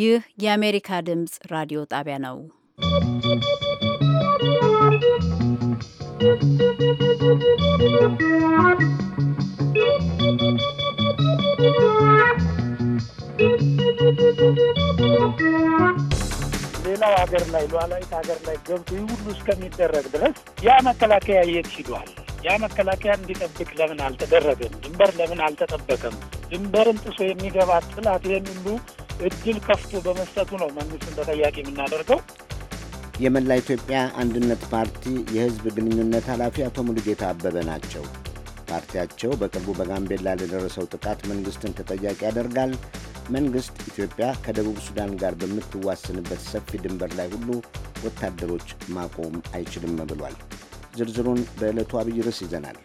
ይህ የአሜሪካ ድምፅ ራዲዮ ጣቢያ ነው። ሌላው ሀገር ላይ ሉዓላዊት ሀገር ላይ ገብቶ ይህ ሁሉ እስከሚደረግ ድረስ ያ መከላከያ የት ሂዷል? ያ መከላከያ እንዲጠብቅ ለምን አልተደረገም? ድንበር ለምን አልተጠበቀም? ድንበርን ጥሶ የሚገባ ጥላት ይህን ሁሉ እድል ከፍቶ በመስጠቱ ነው መንግስትን ተጠያቂ የምናደርገው። የመላ ኢትዮጵያ አንድነት ፓርቲ የህዝብ ግንኙነት ኃላፊ አቶ ሙሉጌታ አበበ ናቸው። ፓርቲያቸው በቅርቡ በጋምቤላ ለደረሰው ጥቃት መንግስትን ተጠያቂ ያደርጋል። መንግስት ኢትዮጵያ ከደቡብ ሱዳን ጋር በምትዋሰንበት ሰፊ ድንበር ላይ ሁሉ ወታደሮች ማቆም አይችልም ብሏል። ዝርዝሩን በዕለቱ አብይ ርዕስ ይዘናል።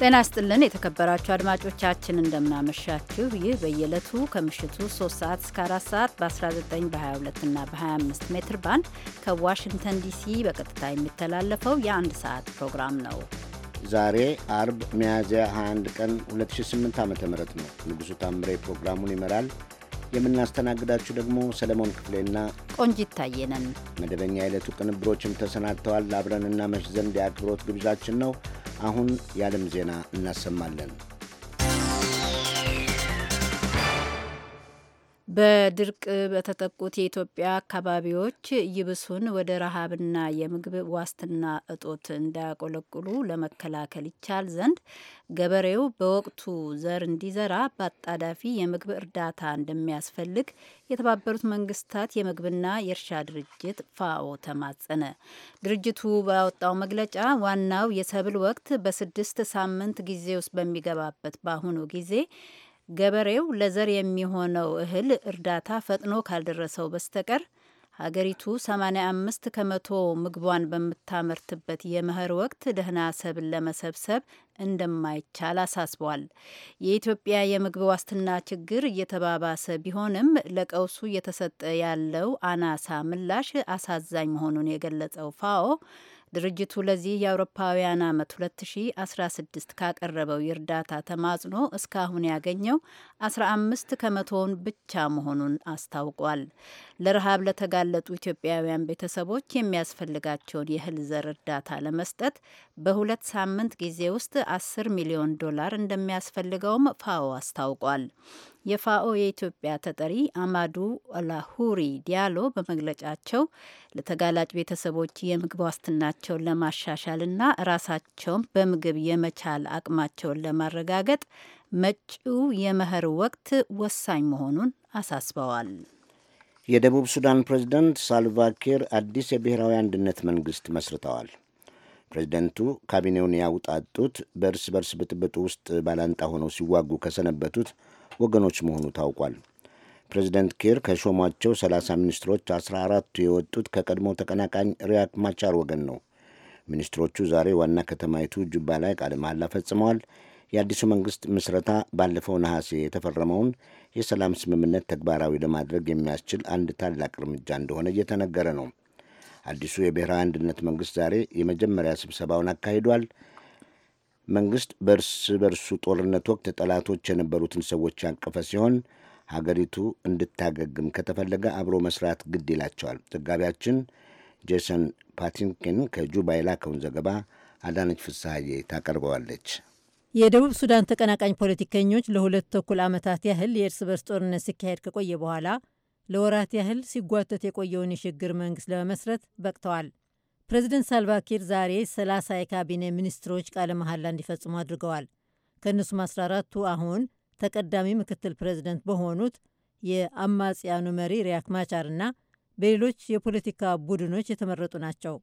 ጤና ስጥልን የተከበራችሁ አድማጮቻችን እንደምናመሻችሁ። ይህ በየዕለቱ ከምሽቱ 3 ሰዓት እስከ 4 ሰዓት በ19 በ22 እና በ25 ሜትር ባንድ ከዋሽንግተን ዲሲ በቀጥታ የሚተላለፈው የአንድ ሰዓት ፕሮግራም ነው። ዛሬ አርብ ሚያዝያ 21 ቀን 2008 ዓ ም ነው። ንጉሡ ታምሬ ፕሮግራሙን ይመራል። የምናስተናግዳችሁ ደግሞ ሰለሞን ክፍሌና ቆንጂት ታየ መደበኛ የዕለቱ ቅንብሮችም ተሰናድተዋል። አብረን እናመሽ ዘንድ የአክብሮት ግብዣችን ነው። አሁን የዓለም ዜና እናሰማለን። በድርቅ በተጠቁት የኢትዮጵያ አካባቢዎች ይብሱን ወደ ረሃብና የምግብ ዋስትና እጦት እንዳያቆለቁሉ ለመከላከል ይቻል ዘንድ ገበሬው በወቅቱ ዘር እንዲዘራ በአጣዳፊ የምግብ እርዳታ እንደሚያስፈልግ የተባበሩት መንግስታት የምግብና የእርሻ ድርጅት ፋኦ ተማጸነ። ድርጅቱ ባወጣው መግለጫ ዋናው የሰብል ወቅት በስድስት ሳምንት ጊዜ ውስጥ በሚገባበት በአሁኑ ጊዜ ገበሬው ለዘር የሚሆነው እህል እርዳታ ፈጥኖ ካልደረሰው በስተቀር ሀገሪቱ 85 ከመቶ ምግቧን በምታመርትበት የመኸር ወቅት ደህና ሰብል ለመሰብሰብ እንደማይቻል አሳስቧል። የኢትዮጵያ የምግብ ዋስትና ችግር እየተባባሰ ቢሆንም ለቀውሱ እየተሰጠ ያለው አናሳ ምላሽ አሳዛኝ መሆኑን የገለጸው ፋኦ ድርጅቱ ለዚህ የአውሮፓውያን ዓመት 2016 ካቀረበው የእርዳታ ተማጽኖ እስካሁን ያገኘው 15 ከመቶውን ብቻ መሆኑን አስታውቋል። ለረሃብ ለተጋለጡ ኢትዮጵያውያን ቤተሰቦች የሚያስፈልጋቸውን የእህል ዘር እርዳታ ለመስጠት በሁለት ሳምንት ጊዜ ውስጥ 10 ሚሊዮን ዶላር እንደሚያስፈልገውም ፋኦ አስታውቋል። የፋኦ የኢትዮጵያ ተጠሪ አማዱ አላሁሪ ዲያሎ በመግለጫቸው ለተጋላጭ ቤተሰቦች የምግብ ዋስትናቸውን ለማሻሻልና ራሳቸውን በምግብ የመቻል አቅማቸውን ለማረጋገጥ መጪው የመኸር ወቅት ወሳኝ መሆኑን አሳስበዋል። የደቡብ ሱዳን ፕሬዝደንት ሳልቫኪር አዲስ የብሔራዊ አንድነት መንግሥት መስርተዋል። ፕሬዚደንቱ ካቢኔውን ያውጣጡት በእርስ በርስ ብጥብጥ ውስጥ ባላንጣ ሆነው ሲዋጉ ከሰነበቱት ወገኖች መሆኑ ታውቋል። ፕሬዚደንት ኪር ከሾሟቸው 30 ሚኒስትሮች 14ቱ የወጡት ከቀድሞ ተቀናቃኝ ሪያክ ማቻር ወገን ነው። ሚኒስትሮቹ ዛሬ ዋና ከተማይቱ ጁባ ላይ ቃለ መሐላ ፈጽመዋል። የአዲሱ መንግሥት ምስረታ ባለፈው ነሐሴ የተፈረመውን የሰላም ስምምነት ተግባራዊ ለማድረግ የሚያስችል አንድ ታላቅ እርምጃ እንደሆነ እየተነገረ ነው። አዲሱ የብሔራዊ አንድነት መንግሥት ዛሬ የመጀመሪያ ስብሰባውን አካሂዷል። መንግሥት በእርስ በርሱ ጦርነት ወቅት ጠላቶች የነበሩትን ሰዎች ያቀፈ ሲሆን ሀገሪቱ እንድታገግም ከተፈለገ አብሮ መስራት ግድ ይላቸዋል። ዘጋቢያችን ጄሰን ፓቲንኪን ከጁባ የላከውን ዘገባ አዳነች ፍስሐዬ ታቀርበዋለች። የደቡብ ሱዳን ተቀናቃኝ ፖለቲከኞች ለሁለት ተኩል ዓመታት ያህል የእርስ በርስ ጦርነት ሲካሄድ ከቆየ በኋላ ለወራት ያህል ሲጓተት የቆየውን የሽግግር መንግሥት ለመመስረት በቅተዋል። ፕሬዚደንት ሳልቫኪር ዛሬ 30 የካቢኔ ሚኒስትሮች ቃለ መሐላ እንዲፈጽሙ አድርገዋል። ከእነሱም 14ቱ አሁን ተቀዳሚ ምክትል ፕሬዚደንት በሆኑት የአማጽያኑ መሪ ሪያክ ማቻርና በሌሎች የፖለቲካ ቡድኖች የተመረጡ ናቸው።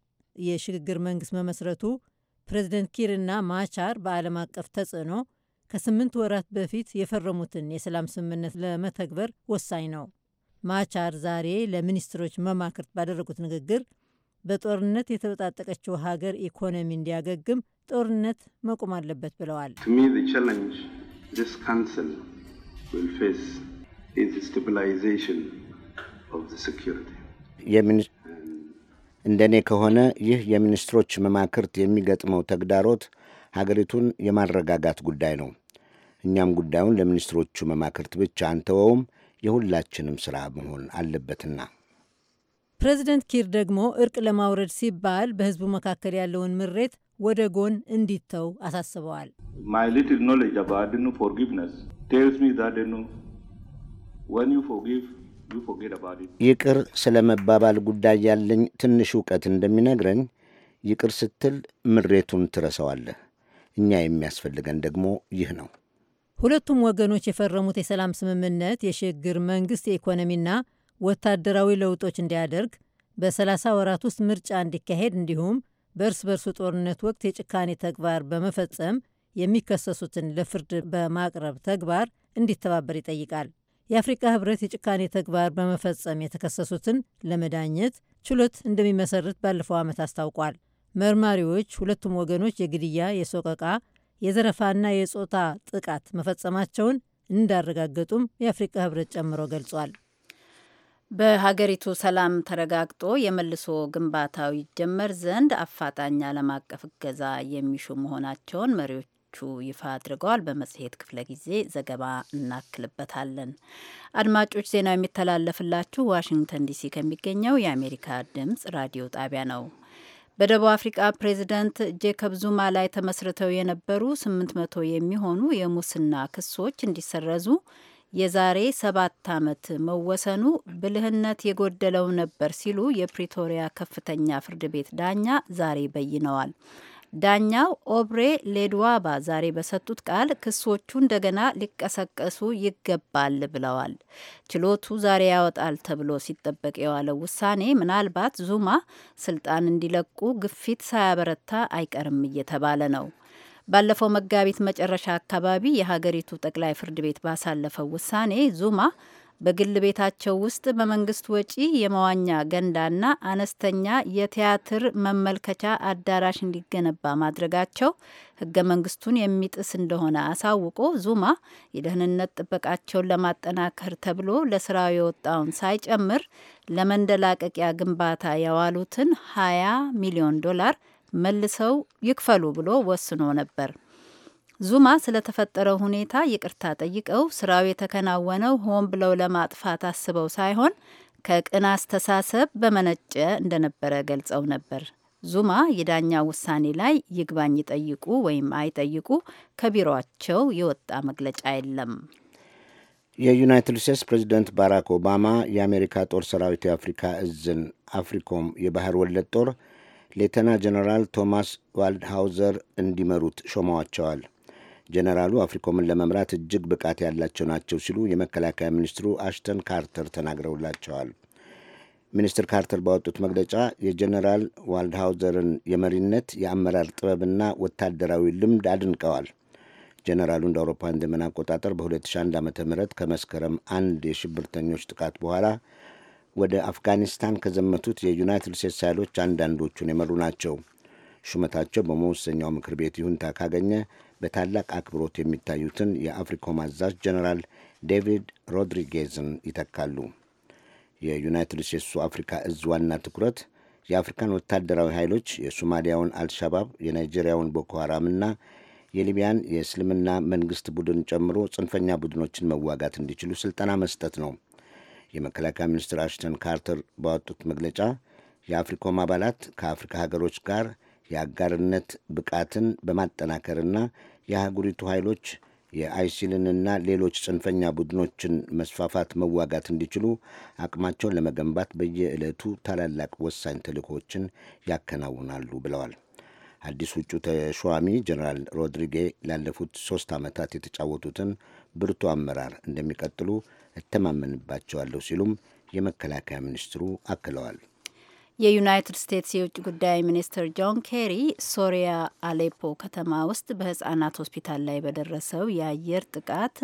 የሽግግር መንግስት መመስረቱ ፕሬዚደንት ኪርና ማቻር በዓለም አቀፍ ተጽዕኖ ከስምንት ወራት በፊት የፈረሙትን የሰላም ስምምነት ለመተግበር ወሳኝ ነው። ማቻር ዛሬ ለሚኒስትሮች መማክርት ባደረጉት ንግግር በጦርነት የተበጣጠቀችው ሀገር ኢኮኖሚ እንዲያገግም ጦርነት መቆም አለበት ብለዋል። እንደኔ ከሆነ ይህ የሚኒስትሮች መማክርት የሚገጥመው ተግዳሮት ሀገሪቱን የማረጋጋት ጉዳይ ነው። እኛም ጉዳዩን ለሚኒስትሮቹ መማክርት ብቻ አንተወውም፣ የሁላችንም ሥራ መሆን አለበትና ፕሬዚደንት ኪር ደግሞ እርቅ ለማውረድ ሲባል በህዝቡ መካከል ያለውን ምሬት ወደ ጎን እንዲተው አሳስበዋል። ይቅር ስለ መባባል ጉዳይ ያለኝ ትንሽ እውቀት እንደሚነግረኝ ይቅር ስትል ምሬቱን ትረሰዋለህ። እኛ የሚያስፈልገን ደግሞ ይህ ነው። ሁለቱም ወገኖች የፈረሙት የሰላም ስምምነት የሽግግር መንግስት የኢኮኖሚና ወታደራዊ ለውጦች እንዲያደርግ፣ በ30 ወራት ውስጥ ምርጫ እንዲካሄድ፣ እንዲሁም በእርስ በርሱ ጦርነት ወቅት የጭካኔ ተግባር በመፈጸም የሚከሰሱትን ለፍርድ በማቅረብ ተግባር እንዲተባበር ይጠይቃል። የአፍሪካ ህብረት የጭካኔ ተግባር በመፈጸም የተከሰሱትን ለመዳኘት ችሎት እንደሚመሰርት ባለፈው ዓመት አስታውቋል። መርማሪዎች ሁለቱም ወገኖች የግድያ፣ የሶቀቃ፣ የዘረፋና የጾታ ጥቃት መፈጸማቸውን እንዳረጋገጡም የአፍሪካ ህብረት ጨምሮ ገልጿል። በሀገሪቱ ሰላም ተረጋግጦ የመልሶ ግንባታው ይጀመር ዘንድ አፋጣኝ ዓለም አቀፍ እገዛ የሚሹ መሆናቸውን መሪዎች ይፋ አድርገዋል። በመጽሔት ክፍለ ጊዜ ዘገባ እናክልበታለን። አድማጮች፣ ዜናው የሚተላለፍላችሁ ዋሽንግተን ዲሲ ከሚገኘው የአሜሪካ ድምጽ ራዲዮ ጣቢያ ነው። በደቡብ አፍሪካ ፕሬዚደንት ጄኮብ ዙማ ላይ ተመስርተው የነበሩ ስምንት መቶ የሚሆኑ የሙስና ክሶች እንዲሰረዙ የዛሬ ሰባት ዓመት መወሰኑ ብልህነት የጎደለው ነበር ሲሉ የፕሪቶሪያ ከፍተኛ ፍርድ ቤት ዳኛ ዛሬ በይነዋል። ዳኛው ኦብሬ ሌድዋባ ዛሬ በሰጡት ቃል ክሶቹ እንደገና ሊቀሰቀሱ ይገባል ብለዋል። ችሎቱ ዛሬ ያወጣል ተብሎ ሲጠበቅ የዋለው ውሳኔ ምናልባት ዙማ ስልጣን እንዲለቁ ግፊት ሳያበረታ አይቀርም እየተባለ ነው። ባለፈው መጋቢት መጨረሻ አካባቢ የሀገሪቱ ጠቅላይ ፍርድ ቤት ባሳለፈው ውሳኔ ዙማ በግል ቤታቸው ውስጥ በመንግስት ወጪ የመዋኛ ገንዳና አነስተኛ የቲያትር መመልከቻ አዳራሽ እንዲገነባ ማድረጋቸው ህገ መንግስቱን የሚጥስ እንደሆነ አሳውቆ ዙማ የደህንነት ጥበቃቸውን ለማጠናከር ተብሎ ለስራው የወጣውን ሳይጨምር ለመንደላቀቂያ ግንባታ ያዋሉትን 20 ሚሊዮን ዶላር መልሰው ይክፈሉ ብሎ ወስኖ ነበር። ዙማ ስለተፈጠረው ሁኔታ ይቅርታ ጠይቀው ስራው የተከናወነው ሆን ብለው ለማጥፋት አስበው ሳይሆን ከቅን አስተሳሰብ በመነጨ እንደነበረ ገልጸው ነበር። ዙማ የዳኛ ውሳኔ ላይ ይግባኝ ይጠይቁ ወይም አይጠይቁ ከቢሮቸው የወጣ መግለጫ የለም። የዩናይትድ ስቴትስ ፕሬዚደንት ባራክ ኦባማ የአሜሪካ ጦር ሰራዊት የአፍሪካ እዝን አፍሪኮም የባህር ወለድ ጦር ሌተና ጀነራል ቶማስ ዋልድሃውዘር እንዲመሩት ሾመዋቸዋል። ጀነራሉ አፍሪኮምን ለመምራት እጅግ ብቃት ያላቸው ናቸው ሲሉ የመከላከያ ሚኒስትሩ አሽተን ካርተር ተናግረውላቸዋል። ሚኒስትር ካርተር ባወጡት መግለጫ የጀነራል ዋልድሃውዘርን የመሪነት የአመራር ጥበብና ወታደራዊ ልምድ አድንቀዋል። ጀነራሉ እንደ አውሮፓውያን ዘመን አቆጣጠር በ2001 ዓ ም ከመስከረም አንድ የሽብርተኞች ጥቃት በኋላ ወደ አፍጋኒስታን ከዘመቱት የዩናይትድ ስቴትስ ኃይሎች አንዳንዶቹን የመሩ ናቸው። ሹመታቸው በመወሰኛው ምክር ቤት ይሁንታ ካገኘ በታላቅ አክብሮት የሚታዩትን የአፍሪኮም አዛዥ ጀነራል ዴቪድ ሮድሪጌዝን ይተካሉ። የዩናይትድ ስቴትሱ አፍሪካ እዝ ዋና ትኩረት የአፍሪካን ወታደራዊ ኃይሎች የሶማሊያውን አልሻባብ፣ የናይጄሪያውን ቦኮ ሐራምና የሊቢያን የእስልምና መንግሥት ቡድን ጨምሮ ጽንፈኛ ቡድኖችን መዋጋት እንዲችሉ ሥልጠና መስጠት ነው። የመከላከያ ሚኒስትር አሽተን ካርተር ባወጡት መግለጫ የአፍሪኮም አባላት ከአፍሪካ ሀገሮች ጋር የአጋርነት ብቃትን በማጠናከርና የአህጉሪቱ ኃይሎች የአይሲልንና ሌሎች ጽንፈኛ ቡድኖችን መስፋፋት መዋጋት እንዲችሉ አቅማቸውን ለመገንባት በየዕለቱ ታላላቅ ወሳኝ ተልእኮዎችን ያከናውናሉ ብለዋል። አዲስ ውጩ ተሿሚ ጀኔራል ሮድሪጌ ላለፉት ሶስት ዓመታት የተጫወቱትን ብርቱ አመራር እንደሚቀጥሉ እተማመንባቸዋለሁ ሲሉም የመከላከያ ሚኒስትሩ አክለዋል። የዩናይትድ ስቴትስ የውጭ ጉዳይ ሚኒስትር ጆን ኬሪ ሶሪያ አሌፖ ከተማ ውስጥ በህጻናት ሆስፒታል ላይ በደረሰው የአየር ጥቃት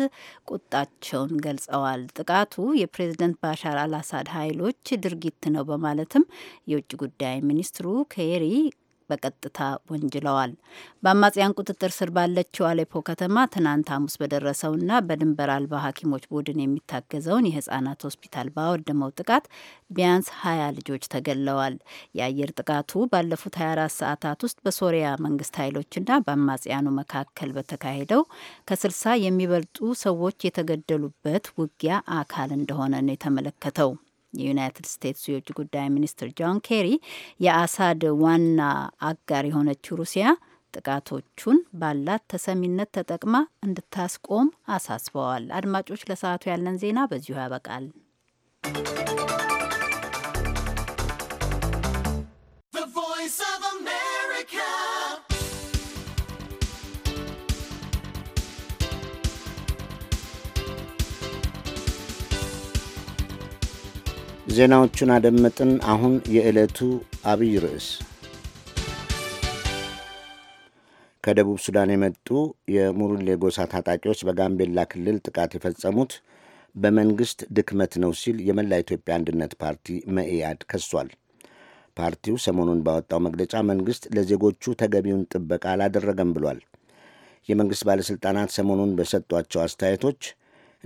ቁጣቸውን ገልጸዋል። ጥቃቱ የፕሬዝደንት ባሻር አልአሳድ ኃይሎች ድርጊት ነው በማለትም የውጭ ጉዳይ ሚኒስትሩ ኬሪ በቀጥታ ወንጅለዋል። በአማጽያን ቁጥጥር ስር ባለችው አሌፖ ከተማ ትናንት ሐሙስ በደረሰውና በድንበር አልባ ሐኪሞች ቡድን የሚታገዘውን የህጻናት ሆስፒታል ባወደመው ጥቃት ቢያንስ ሀያ ልጆች ተገድለዋል። የአየር ጥቃቱ ባለፉት 24 ሰዓታት ውስጥ በሶሪያ መንግስት ኃይሎችና በአማጽያኑ መካከል በተካሄደው ከስልሳ የሚበልጡ ሰዎች የተገደሉበት ውጊያ አካል እንደሆነ ነው የተመለከተው። የዩናይትድ ስቴትስ የውጭ ጉዳይ ሚኒስትር ጆን ኬሪ የአሳድ ዋና አጋር የሆነችው ሩሲያ ጥቃቶቹን ባላት ተሰሚነት ተጠቅማ እንድታስቆም አሳስበዋል። አድማጮች፣ ለሰዓቱ ያለን ዜና በዚሁ ያበቃል። ዜናዎቹን አደመጥን። አሁን የዕለቱ አብይ ርዕስ ከደቡብ ሱዳን የመጡ የሙሩሌ ጎሳ ታጣቂዎች በጋምቤላ ክልል ጥቃት የፈጸሙት በመንግሥት ድክመት ነው ሲል የመላ ኢትዮጵያ አንድነት ፓርቲ መኢአድ ከሷል። ፓርቲው ሰሞኑን ባወጣው መግለጫ መንግሥት ለዜጎቹ ተገቢውን ጥበቃ አላደረገም ብሏል። የመንግሥት ባለሥልጣናት ሰሞኑን በሰጧቸው አስተያየቶች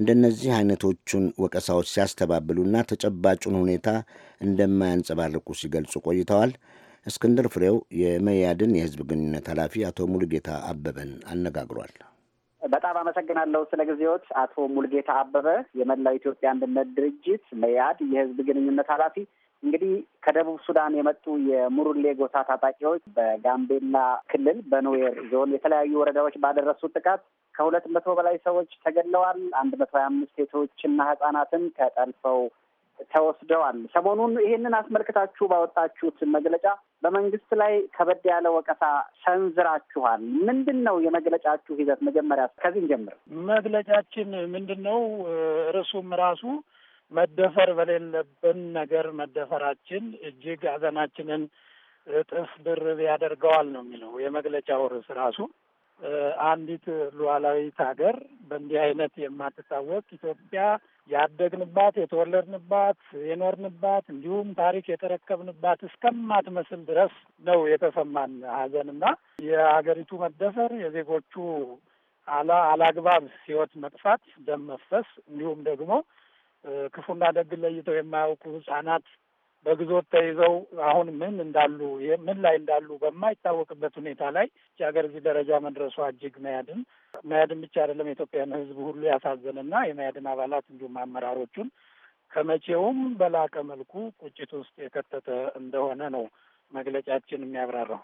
እንደነዚህ አይነቶቹን ወቀሳዎች ሲያስተባብሉና ተጨባጩን ሁኔታ እንደማያንጸባርቁ ሲገልጹ ቆይተዋል። እስክንድር ፍሬው የመያድን የህዝብ ግንኙነት ኃላፊ አቶ ሙሉጌታ አበበን አነጋግሯል። በጣም አመሰግናለሁ ስለ ጊዜዎት አቶ ሙልጌታ አበበ፣ የመላው ኢትዮጵያ አንድነት ድርጅት መያድ የህዝብ ግንኙነት ኃላፊ። እንግዲህ ከደቡብ ሱዳን የመጡ የሙሩሌ ጎሳ ታጣቂዎች በጋምቤላ ክልል በኑዌር ዞን የተለያዩ ወረዳዎች ባደረሱት ጥቃት ከሁለት መቶ በላይ ሰዎች ተገድለዋል። አንድ መቶ ሀያ አምስት ሴቶችና ህጻናትም ተጠልፈው ተወስደዋል። ሰሞኑን ይህንን አስመልክታችሁ ባወጣችሁት መግለጫ በመንግስት ላይ ከበድ ያለ ወቀሳ ሰንዝራችኋል። ምንድን ነው የመግለጫችሁ ሂደት? መጀመሪያ ከዚህ ጀምር። መግለጫችን ምንድን ነው? እርሱም ራሱ መደፈር በሌለብን ነገር መደፈራችን እጅግ ሀዘናችንን እጥፍ ድርብ ያደርገዋል ነው የሚለው የመግለጫው ርዕስ ራሱ አንዲት ሉዓላዊት ሀገር በእንዲህ አይነት የማትታወቅ ኢትዮጵያ ያደግንባት የተወለድንባት የኖርንባት እንዲሁም ታሪክ የተረከብንባት እስከማትመስል ድረስ ነው የተሰማን ሐዘንና የሀገሪቱ መደፈር የዜጎቹ አላ አላግባብ ህይወት መጥፋት፣ ደም መፍሰስ እንዲሁም ደግሞ ክፉና ደግ ለይተው የማያውቁ ህጻናት በግዞት ተይዘው አሁን ምን እንዳሉ ምን ላይ እንዳሉ በማይታወቅበት ሁኔታ ላይ ሀገር እዚህ ደረጃ መድረሷ እጅግ መያድን መያድን ብቻ አይደለም የኢትዮጵያን ሕዝብ ሁሉ ያሳዘንና የመያድን አባላት እንዲሁም አመራሮቹን ከመቼውም በላቀ መልኩ ቁጭት ውስጥ የከተተ እንደሆነ ነው መግለጫችን የሚያብራራው።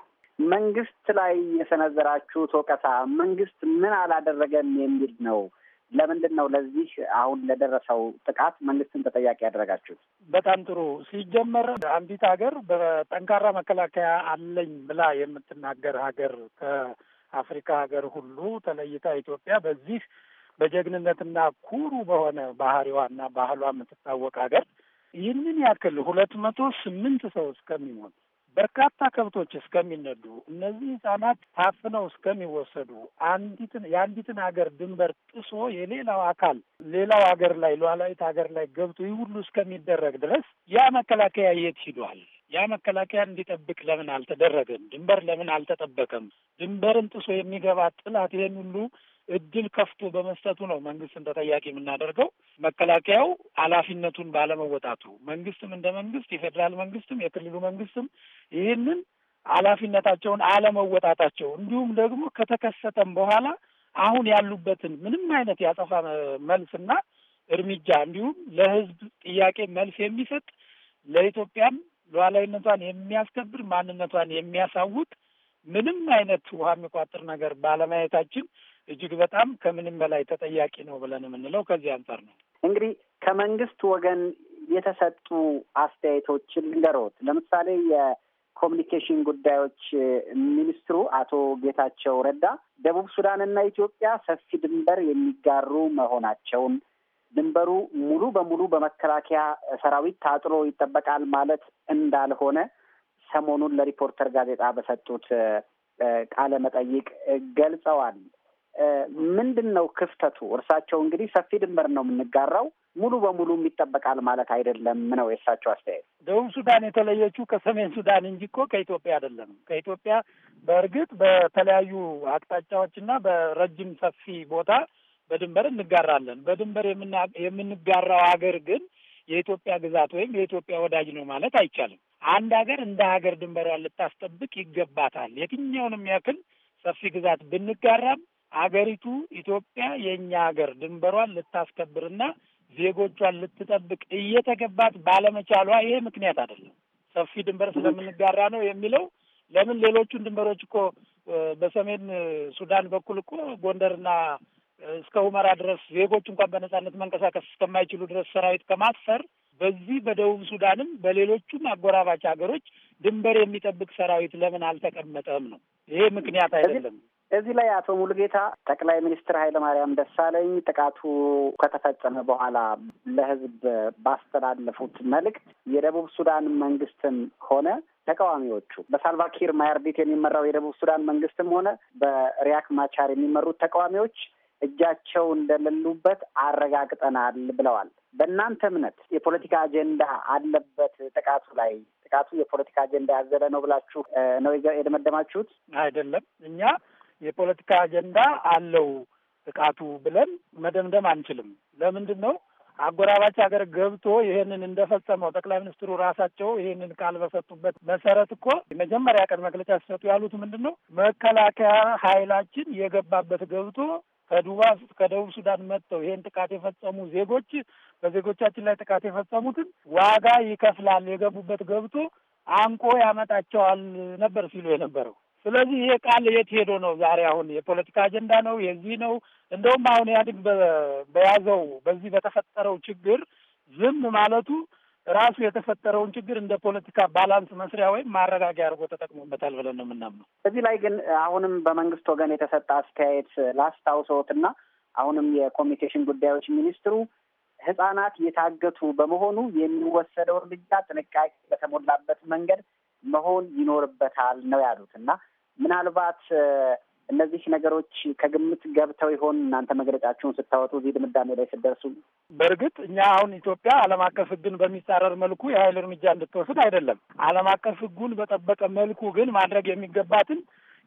መንግስት ላይ የሰነዘራችሁት ወቀሳ መንግስት ምን አላደረገም የሚል ነው። ለምንድን ነው ለዚህ አሁን ለደረሰው ጥቃት መንግስትን ተጠያቂ ያደረጋችሁት? በጣም ጥሩ። ሲጀመር አንዲት ሀገር በጠንካራ መከላከያ አለኝ ብላ የምትናገር ሀገር ከአፍሪካ ሀገር ሁሉ ተለይታ ኢትዮጵያ በዚህ በጀግንነትና ኩሩ በሆነ ባህሪዋና ባህሏ የምትታወቅ ሀገር ይህንን ያክል ሁለት መቶ ስምንት ሰው እስከሚሞት በርካታ ከብቶች እስከሚነዱ እነዚህ ህጻናት ታፍነው እስከሚወሰዱ አንዲትን የአንዲትን ሀገር ድንበር ጥሶ የሌላው አካል ሌላው ሀገር ላይ ሉዓላዊት ሀገር ላይ ገብቶ ይህ ሁሉ እስከሚደረግ ድረስ ያ መከላከያ የት ሂዷል? ያ መከላከያ እንዲጠብቅ ለምን አልተደረገም? ድንበር ለምን አልተጠበቀም? ድንበርን ጥሶ የሚገባ ጥላት ይህን ሁሉ እድል ከፍቶ በመስጠቱ ነው መንግስትን ተጠያቂ የምናደርገው። መከላከያው ኃላፊነቱን ባለመወጣቱ መንግስትም እንደ መንግስት የፌዴራል መንግስትም የክልሉ መንግስትም ይህንን ኃላፊነታቸውን አለመወጣታቸው እንዲሁም ደግሞ ከተከሰተም በኋላ አሁን ያሉበትን ምንም አይነት ያጠፋ መልስና እርምጃ እንዲሁም ለህዝብ ጥያቄ መልስ የሚሰጥ ለኢትዮጵያም ሉዓላዊነቷን የሚያስከብር ማንነቷን የሚያሳውቅ ምንም አይነት ውሃ የሚቋጥር ነገር ባለማየታችን እጅግ በጣም ከምንም በላይ ተጠያቂ ነው ብለን የምንለው ከዚህ አንጻር ነው። እንግዲህ ከመንግስት ወገን የተሰጡ አስተያየቶችን ልንገሮት። ለምሳሌ የኮሚኒኬሽን ጉዳዮች ሚኒስትሩ አቶ ጌታቸው ረዳ ደቡብ ሱዳንና ኢትዮጵያ ሰፊ ድንበር የሚጋሩ መሆናቸውን ድንበሩ ሙሉ በሙሉ በመከላከያ ሰራዊት ታጥሮ ይጠበቃል ማለት እንዳልሆነ ሰሞኑን ለሪፖርተር ጋዜጣ በሰጡት ቃለ መጠይቅ ገልጸዋል። ምንድን ነው ክፍተቱ? እርሳቸው እንግዲህ ሰፊ ድንበር ነው የምንጋራው፣ ሙሉ በሙሉም ይጠበቃል ማለት አይደለም ነው የእርሳቸው አስተያየት። ደቡብ ሱዳን የተለየችው ከሰሜን ሱዳን እንጂ እኮ ከኢትዮጵያ አይደለም። ከኢትዮጵያ በእርግጥ በተለያዩ አቅጣጫዎች እና በረጅም ሰፊ ቦታ በድንበር እንጋራለን። በድንበር የምንጋራው ሀገር ግን የኢትዮጵያ ግዛት ወይም የኢትዮጵያ ወዳጅ ነው ማለት አይቻልም። አንድ ሀገር እንደ ሀገር ድንበሯን ልታስጠብቅ ይገባታል። የትኛውንም ያክል ሰፊ ግዛት ብንጋራም አገሪቱ ኢትዮጵያ የእኛ ሀገር ድንበሯን ልታስከብርና ዜጎቿን ልትጠብቅ እየተገባት ባለመቻሏ ይሄ ምክንያት አይደለም። ሰፊ ድንበር ስለምንጋራ ነው የሚለው ለምን ሌሎቹን ድንበሮች እኮ በሰሜን ሱዳን በኩል እኮ ጎንደርና እስከ ሁመራ ድረስ ዜጎች እንኳን በነጻነት መንቀሳቀስ እስከማይችሉ ድረስ ሰራዊት ከማስፈር በዚህ በደቡብ ሱዳንም በሌሎቹም አጎራባች ሀገሮች ድንበር የሚጠብቅ ሰራዊት ለምን አልተቀመጠም ነው። ይሄ ምክንያት አይደለም። እዚህ ላይ አቶ ሙሉጌታ ጠቅላይ ሚኒስትር ኃይለማርያም ደሳለኝ ጥቃቱ ከተፈጸመ በኋላ ለህዝብ ባስተላለፉት መልእክት የደቡብ ሱዳን መንግስትም ሆነ ተቃዋሚዎቹ በሳልቫኪር ማያርዲት የሚመራው የደቡብ ሱዳን መንግስትም ሆነ በሪያክ ማቻር የሚመሩት ተቃዋሚዎች እጃቸው እንደሌሉበት አረጋግጠናል ብለዋል። በእናንተ እምነት የፖለቲካ አጀንዳ አለበት ጥቃቱ ላይ? ጥቃቱ የፖለቲካ አጀንዳ ያዘለ ነው ብላችሁ ነው የደመደማችሁት? አይደለም እኛ የፖለቲካ አጀንዳ አለው ጥቃቱ ብለን መደምደም አንችልም። ለምንድን ነው አጎራባች ሀገር ገብቶ ይህንን እንደፈጸመው ጠቅላይ ሚኒስትሩ ራሳቸው ይህንን ቃል በሰጡበት መሰረት እኮ የመጀመሪያ ቀን መግለጫ ሲሰጡ ያሉት ምንድን ነው መከላከያ ኃይላችን የገባበት ገብቶ ከዱባ ከደቡብ ሱዳን መጥተው ይሄን ጥቃት የፈጸሙ ዜጎች በዜጎቻችን ላይ ጥቃት የፈጸሙትን ዋጋ ይከፍላል፣ የገቡበት ገብቶ አንቆ ያመጣቸዋል ነበር ሲሉ የነበረው ስለዚህ ይሄ ቃል የት ሄዶ ነው ዛሬ? አሁን የፖለቲካ አጀንዳ ነው የዚህ ነው። እንደውም አሁን ኢህአዴግ በያዘው በዚህ በተፈጠረው ችግር ዝም ማለቱ ራሱ የተፈጠረውን ችግር እንደ ፖለቲካ ባላንስ መስሪያ ወይም ማረጋጊያ አድርጎ ተጠቅሞበታል ብለን ነው የምናምነው። በዚህ ላይ ግን አሁንም በመንግስት ወገን የተሰጠ አስተያየት ላስታውሰዎትና አሁንም የኮሚኒኬሽን ጉዳዮች ሚኒስትሩ ህጻናት የታገቱ በመሆኑ የሚወሰደው እርምጃ ጥንቃቄ በተሞላበት መንገድ መሆን ይኖርበታል ነው ያሉት እና ምናልባት እነዚህ ነገሮች ከግምት ገብተው ይሆን እናንተ መግለጫችሁን ስታወጡ እዚህ ድምዳሜ ላይ ስደርሱ? በእርግጥ እኛ አሁን ኢትዮጵያ ዓለም አቀፍ ሕግን በሚጻረር መልኩ የኃይል እርምጃ እንድትወስድ አይደለም። ዓለም አቀፍ ሕጉን በጠበቀ መልኩ ግን ማድረግ የሚገባትን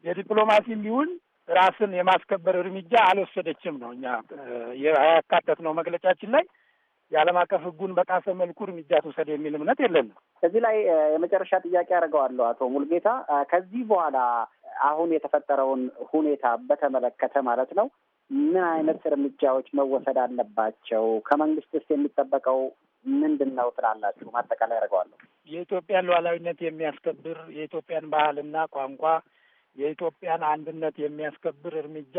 የዲፕሎማሲ ሊሆን ራስን የማስከበር እርምጃ አልወሰደችም ነው እኛ ያካተት ነው መግለጫችን ላይ የዓለም አቀፍ ሕጉን በጣሰ መልኩ እርምጃ ትውሰድ የሚል እምነት የለንም። እዚህ ላይ የመጨረሻ ጥያቄ አደርገዋለሁ አቶ ሙልጌታ ከዚህ በኋላ አሁን የተፈጠረውን ሁኔታ በተመለከተ ማለት ነው ምን አይነት እርምጃዎች መወሰድ አለባቸው? ከመንግስት ውስጥ የሚጠበቀው ምንድን ነው ትላላችሁ? ማጠቃላይ አደርገዋለሁ። የኢትዮጵያን ሉዓላዊነት የሚያስከብር የኢትዮጵያን ባህልና ቋንቋ፣ የኢትዮጵያን አንድነት የሚያስከብር እርምጃ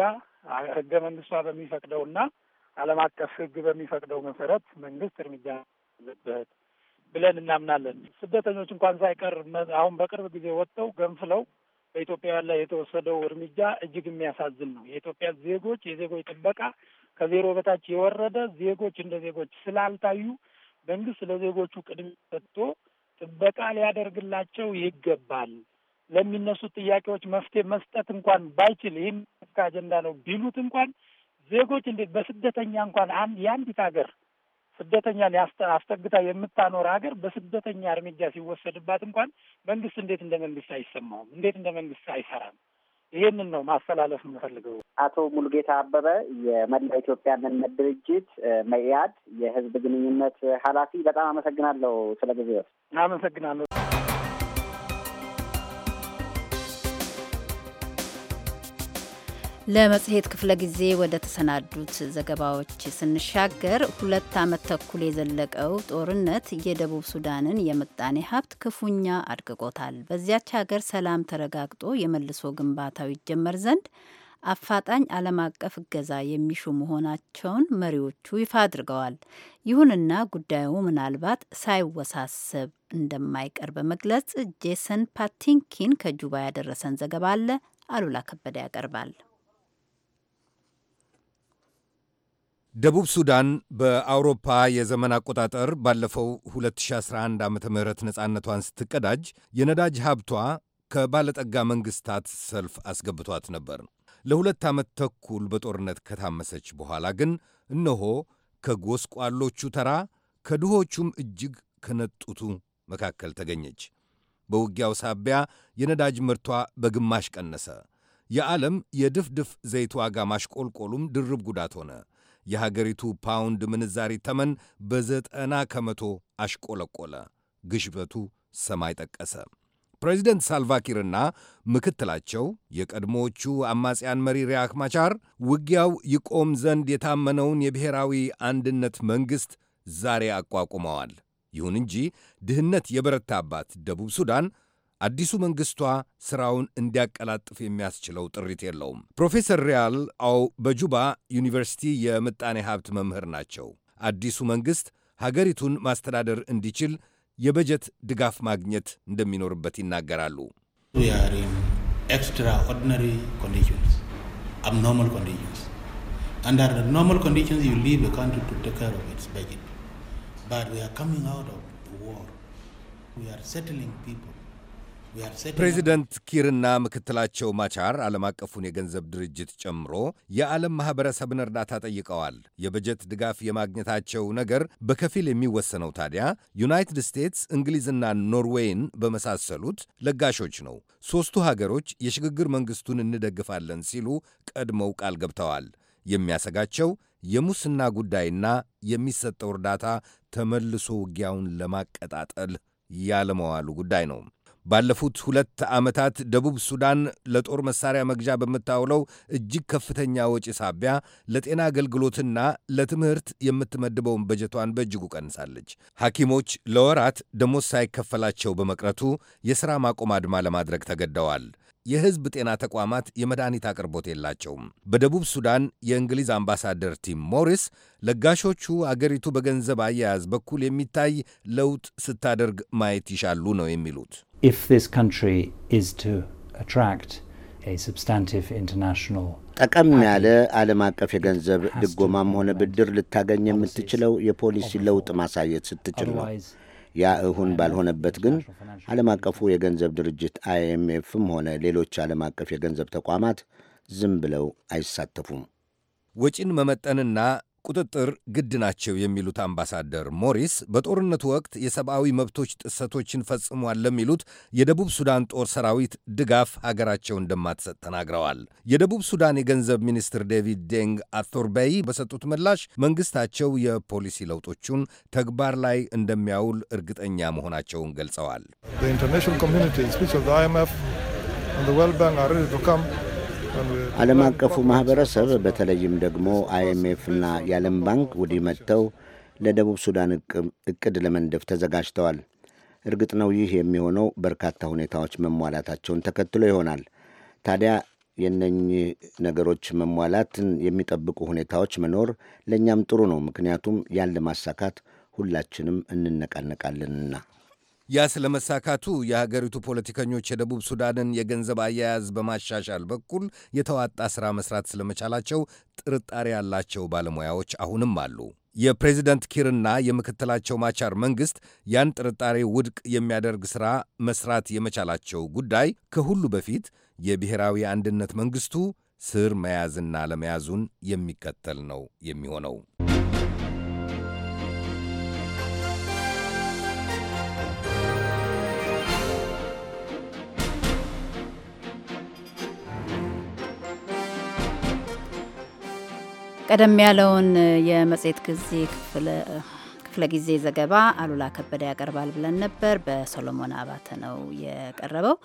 ህገ መንግስቷ እና ዓለም አቀፍ ህግ በሚፈቅደው መሰረት መንግስት እርምጃ አለበት ብለን እናምናለን። ስደተኞች እንኳን ሳይቀር አሁን በቅርብ ጊዜ ወጥተው ገንፍለው በኢትዮጵያውያን ላይ የተወሰደው እርምጃ እጅግ የሚያሳዝን ነው። የኢትዮጵያ ዜጎች የዜጎች ጥበቃ ከዜሮ በታች የወረደ ዜጎች እንደ ዜጎች ስላልታዩ መንግስት ለዜጎቹ ቅድሚያ ሰጥቶ ጥበቃ ሊያደርግላቸው ይገባል። ለሚነሱት ጥያቄዎች መፍትሄ መስጠት እንኳን ባይችል ይህን አጀንዳ ነው ቢሉት እንኳን ዜጎች እንዴት በስደተኛ እንኳን አንድ የአንዲት ሀገር ስደተኛን አስጠግታ የምታኖር ሀገር በስደተኛ እርምጃ ሲወሰድባት እንኳን መንግስት እንዴት እንደ መንግስት አይሰማውም? እንዴት እንደ መንግስት አይሰራም? ይህንን ነው ማስተላለፍ የምፈልገው። አቶ ሙሉጌታ አበበ የመላ ኢትዮጵያ አንድነት ድርጅት መኢአድ የህዝብ ግንኙነት ኃላፊ፣ በጣም አመሰግናለሁ ስለ ጊዜው። አመሰግናለሁ። ለመጽሔት ክፍለ ጊዜ ወደ ተሰናዱት ዘገባዎች ስንሻገር ሁለት ዓመት ተኩል የዘለቀው ጦርነት የደቡብ ሱዳንን የምጣኔ ሀብት ክፉኛ አድቅቆታል። በዚያች ሀገር ሰላም ተረጋግጦ የመልሶ ግንባታው ይጀመር ዘንድ አፋጣኝ ዓለም አቀፍ እገዛ የሚሹ መሆናቸውን መሪዎቹ ይፋ አድርገዋል። ይሁንና ጉዳዩ ምናልባት ሳይወሳሰብ እንደማይቀር በመግለጽ ጄሰን ፓቲንኪን ከጁባ ያደረሰን ዘገባ አለ። አሉላ ከበደ ያቀርባል። ደቡብ ሱዳን በአውሮፓ የዘመን አቆጣጠር ባለፈው 2011 ዓ ም ነፃነቷን ስትቀዳጅ የነዳጅ ሀብቷ ከባለጠጋ መንግስታት ሰልፍ አስገብቷት ነበር። ለሁለት ዓመት ተኩል በጦርነት ከታመሰች በኋላ ግን እነሆ ከጎስቋሎቹ ተራ ከድሆቹም እጅግ ከነጡቱ መካከል ተገኘች። በውጊያው ሳቢያ የነዳጅ ምርቷ በግማሽ ቀነሰ። የዓለም የድፍድፍ ዘይት ዋጋ ማሽቆልቆሉም ድርብ ጉዳት ሆነ። የሀገሪቱ ፓውንድ ምንዛሪ ተመን በዘጠና ከመቶ አሽቆለቆለ፣ ግሽበቱ ሰማይ ጠቀሰ። ፕሬዚደንት ሳልቫኪርና ምክትላቸው የቀድሞዎቹ አማጽያን መሪ ሪያክ ማቻር ውጊያው ይቆም ዘንድ የታመነውን የብሔራዊ አንድነት መንግሥት ዛሬ አቋቁመዋል። ይሁን እንጂ ድህነት የበረታባት ደቡብ ሱዳን አዲሱ መንግሥቷ ሥራውን እንዲያቀላጥፍ የሚያስችለው ጥሪት የለውም። ፕሮፌሰር ሪያል አው በጁባ ዩኒቨርሲቲ የምጣኔ ሀብት መምህር ናቸው። አዲሱ መንግሥት ሀገሪቱን ማስተዳደር እንዲችል የበጀት ድጋፍ ማግኘት እንደሚኖርበት ይናገራሉ። ኖርማል ፕሬዚደንት ኪርና ምክትላቸው ማቻር ዓለም አቀፉን የገንዘብ ድርጅት ጨምሮ የዓለም ማኅበረሰብን እርዳታ ጠይቀዋል። የበጀት ድጋፍ የማግኘታቸው ነገር በከፊል የሚወሰነው ታዲያ ዩናይትድ ስቴትስ፣ እንግሊዝና ኖርዌይን በመሳሰሉት ለጋሾች ነው። ሦስቱ ሀገሮች የሽግግር መንግሥቱን እንደግፋለን ሲሉ ቀድመው ቃል ገብተዋል። የሚያሰጋቸው የሙስና ጉዳይና የሚሰጠው እርዳታ ተመልሶ ውጊያውን ለማቀጣጠል ያለመዋሉ ጉዳይ ነው። ባለፉት ሁለት ዓመታት ደቡብ ሱዳን ለጦር መሳሪያ መግዣ በምታውለው እጅግ ከፍተኛ ወጪ ሳቢያ ለጤና አገልግሎትና ለትምህርት የምትመድበውን በጀቷን በእጅጉ ቀንሳለች። ሐኪሞች ለወራት ደሞዝ ሳይከፈላቸው በመቅረቱ የሥራ ማቆም አድማ ለማድረግ ተገደዋል። የህዝብ ጤና ተቋማት የመድኃኒት አቅርቦት የላቸውም። በደቡብ ሱዳን የእንግሊዝ አምባሳደር ቲም ሞሪስ ለጋሾቹ አገሪቱ በገንዘብ አያያዝ በኩል የሚታይ ለውጥ ስታደርግ ማየት ይሻሉ ነው የሚሉት። ጠቀም ያለ ዓለም አቀፍ የገንዘብ ድጎማም ሆነ ብድር ልታገኝ የምትችለው የፖሊሲ ለውጥ ማሳየት ስትችል ነው። ያ እሁን ባልሆነበት ግን ዓለም አቀፉ የገንዘብ ድርጅት አይኤምኤፍም ሆነ ሌሎች ዓለም አቀፍ የገንዘብ ተቋማት ዝም ብለው አይሳተፉም። ወጪን መመጠንና ቁጥጥር ግድ ናቸው የሚሉት አምባሳደር ሞሪስ በጦርነቱ ወቅት የሰብአዊ መብቶች ጥሰቶችን ፈጽሟል ለሚሉት የደቡብ ሱዳን ጦር ሰራዊት ድጋፍ ሀገራቸው እንደማትሰጥ ተናግረዋል። የደቡብ ሱዳን የገንዘብ ሚኒስትር ዴቪድ ዴንግ አቶርበይ በሰጡት ምላሽ መንግስታቸው የፖሊሲ ለውጦቹን ተግባር ላይ እንደሚያውል እርግጠኛ መሆናቸውን ገልጸዋል። ዓለም አቀፉ ማህበረሰብ በተለይም ደግሞ አይኤምኤፍና የዓለም ባንክ ወዲህ መጥተው ለደቡብ ሱዳን እቅድ ለመንደፍ ተዘጋጅተዋል። እርግጥ ነው ይህ የሚሆነው በርካታ ሁኔታዎች መሟላታቸውን ተከትሎ ይሆናል። ታዲያ የነኚህ ነገሮች መሟላትን የሚጠብቁ ሁኔታዎች መኖር ለእኛም ጥሩ ነው። ምክንያቱም ያን ለማሳካት ሁላችንም እንነቃነቃለንና። ያ ስለመሳካቱ የሀገሪቱ ፖለቲከኞች የደቡብ ሱዳንን የገንዘብ አያያዝ በማሻሻል በኩል የተዋጣ ሥራ መስራት ስለመቻላቸው ጥርጣሬ ያላቸው ባለሙያዎች አሁንም አሉ። የፕሬዚደንት ኪርና የምክትላቸው ማቻር መንግሥት ያን ጥርጣሬ ውድቅ የሚያደርግ ሥራ መስራት የመቻላቸው ጉዳይ ከሁሉ በፊት የብሔራዊ አንድነት መንግሥቱ ስር መያዝና ለመያዙን የሚከተል ነው የሚሆነው። ቀደም ያለውን የመጽሔት ጊዜ ክፍለ ጊዜ ዘገባ አሉላ ከበደ ያቀርባል ብለን ነበር። በሶሎሞን አባተ ነው የቀረበው።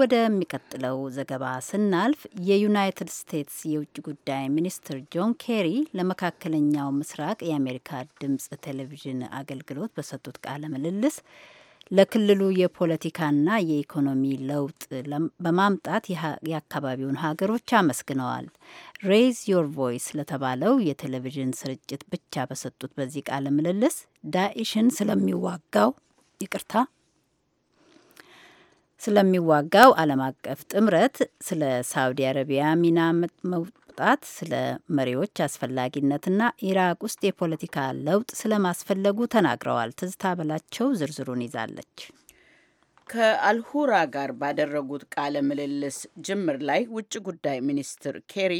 ወደሚቀጥለው ዘገባ ስናልፍ የዩናይትድ ስቴትስ የውጭ ጉዳይ ሚኒስትር ጆን ኬሪ ለመካከለኛው ምስራቅ የአሜሪካ ድምፅ ቴሌቪዥን አገልግሎት በሰጡት ቃለ ምልልስ ለክልሉ የፖለቲካና የኢኮኖሚ ለውጥ በማምጣት የአካባቢውን ሀገሮች አመስግነዋል። ሬይዝ ዮር ቮይስ ለተባለው የቴሌቪዥን ስርጭት ብቻ በሰጡት በዚህ ቃለ ምልልስ ዳኢሽን ስለሚዋጋው ይቅርታ ስለሚዋጋው ዓለም አቀፍ ጥምረት ስለ ሳውዲ አረቢያ ሚና ማውጣት ስለ መሪዎች አስፈላጊነትና ኢራቅ ውስጥ የፖለቲካ ለውጥ ስለማስፈለጉ ተናግረዋል። ትዝታ በላቸው ዝርዝሩን ይዛለች። ከአልሁራ ጋር ባደረጉት ቃለ ምልልስ ጅምር ላይ ውጭ ጉዳይ ሚኒስትር ኬሪ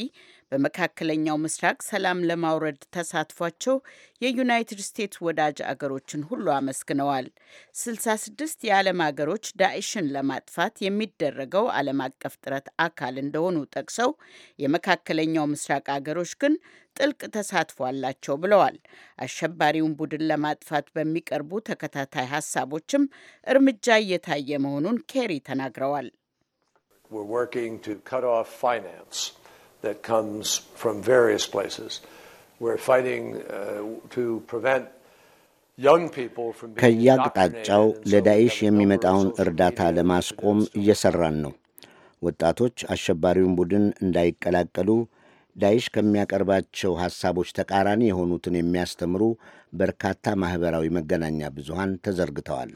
በመካከለኛው ምስራቅ ሰላም ለማውረድ ተሳትፏቸው የዩናይትድ ስቴትስ ወዳጅ አገሮችን ሁሉ አመስግነዋል። 66 የዓለም አገሮች ዳዕሽን ለማጥፋት የሚደረገው ዓለም አቀፍ ጥረት አካል እንደሆኑ ጠቅሰው የመካከለኛው ምስራቅ አገሮች ግን ጥልቅ ተሳትፎ አላቸው ብለዋል። አሸባሪውን ቡድን ለማጥፋት በሚቀርቡ ተከታታይ ሀሳቦችም እርምጃ እየታየ መሆኑን ኬሪ ተናግረዋል። that comes from various places. We're fighting uh, to prevent ከያቅጣጫው ለዳኤሽ የሚመጣውን እርዳታ ለማስቆም እየሰራን ነው። ወጣቶች አሸባሪውን ቡድን እንዳይቀላቀሉ ዳይሽ ከሚያቀርባቸው ሐሳቦች ተቃራኒ የሆኑትን የሚያስተምሩ በርካታ ማኅበራዊ መገናኛ ብዙሃን ተዘርግተዋል።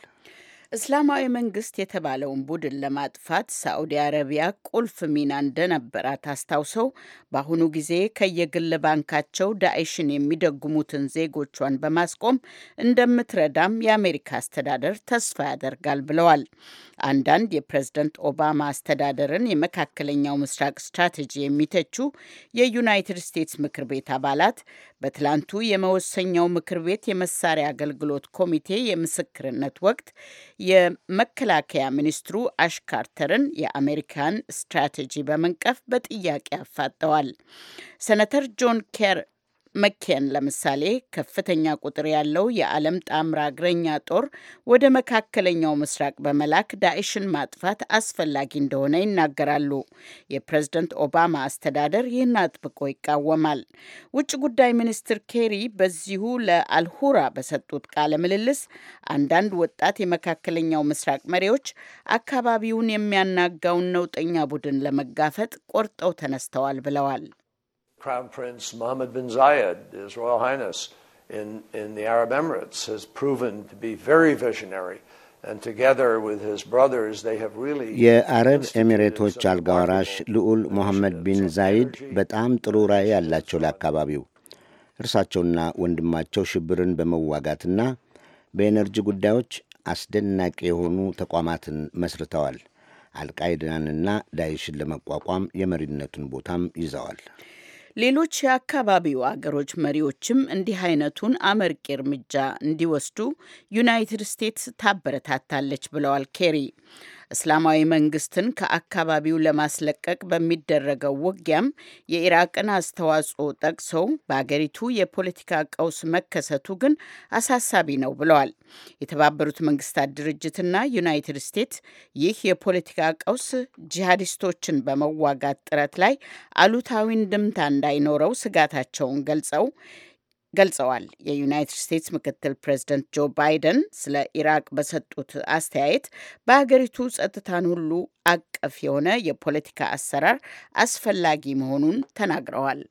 እስላማዊ መንግስት የተባለውን ቡድን ለማጥፋት ሳዑዲ አረቢያ ቁልፍ ሚና እንደነበራት አስታውሰው በአሁኑ ጊዜ ከየግል ባንካቸው ዳኤሽን የሚደጉሙትን ዜጎቿን በማስቆም እንደምትረዳም የአሜሪካ አስተዳደር ተስፋ ያደርጋል ብለዋል። አንዳንድ የፕሬዝደንት ኦባማ አስተዳደርን የመካከለኛው ምስራቅ ስትራቴጂ የሚተቹ የዩናይትድ ስቴትስ ምክር ቤት አባላት በትላንቱ የመወሰኛው ምክር ቤት የመሳሪያ አገልግሎት ኮሚቴ የምስክርነት ወቅት የመከላከያ ሚኒስትሩ አሽ ካርተርን የአሜሪካን ስትራቴጂ በመንቀፍ በጥያቄ አፋጠዋል። ሰነተር ጆን ኬር መኬን ለምሳሌ ከፍተኛ ቁጥር ያለው የዓለም ጣምራ እግረኛ ጦር ወደ መካከለኛው ምስራቅ በመላክ ዳዕሽን ማጥፋት አስፈላጊ እንደሆነ ይናገራሉ። የፕሬዝደንት ኦባማ አስተዳደር ይህን አጥብቆ ይቃወማል። ውጭ ጉዳይ ሚኒስትር ኬሪ በዚሁ ለአልሁራ በሰጡት ቃለ ምልልስ አንዳንድ ወጣት የመካከለኛው ምስራቅ መሪዎች አካባቢውን የሚያናጋውን ነውጠኛ ቡድን ለመጋፈጥ ቆርጠው ተነስተዋል ብለዋል። Crown Prince Mohammed bin Zayed, His Royal Highness, in, in the Arab Emirates, has proven to be very visionary. የአረብ ኤሚሬቶች አልጋ ወራሽ ልዑል ሞሐመድ ቢን ዛይድ በጣም ጥሩ ራዕይ ያላቸው ለአካባቢው። እርሳቸውና ወንድማቸው ሽብርን በመዋጋትና በኤነርጂ ጉዳዮች አስደናቂ የሆኑ ተቋማትን መስርተዋል። አልቃይዳንና ዳይሽን ለመቋቋም የመሪነቱን ቦታም ይዘዋል። ሌሎች የአካባቢው አገሮች መሪዎችም እንዲህ አይነቱን አመርቂ እርምጃ እንዲወስዱ ዩናይትድ ስቴትስ ታበረታታለች ብለዋል ኬሪ። እስላማዊ መንግስትን ከአካባቢው ለማስለቀቅ በሚደረገው ውጊያም የኢራቅን አስተዋጽኦ ጠቅሰው በአገሪቱ የፖለቲካ ቀውስ መከሰቱ ግን አሳሳቢ ነው ብለዋል። የተባበሩት መንግስታት ድርጅትና ዩናይትድ ስቴትስ ይህ የፖለቲካ ቀውስ ጂሃዲስቶችን በመዋጋት ጥረት ላይ አሉታዊ እንድምታ እንዳይኖረው ስጋታቸውን ገልጸው ገልጸዋል። የዩናይትድ ስቴትስ ምክትል ፕሬዚደንት ጆ ባይደን ስለ ኢራቅ በሰጡት አስተያየት በሀገሪቱ ጸጥታን ሁሉ አቀፍ የሆነ የፖለቲካ አሰራር አስፈላጊ መሆኑን ተናግረዋል።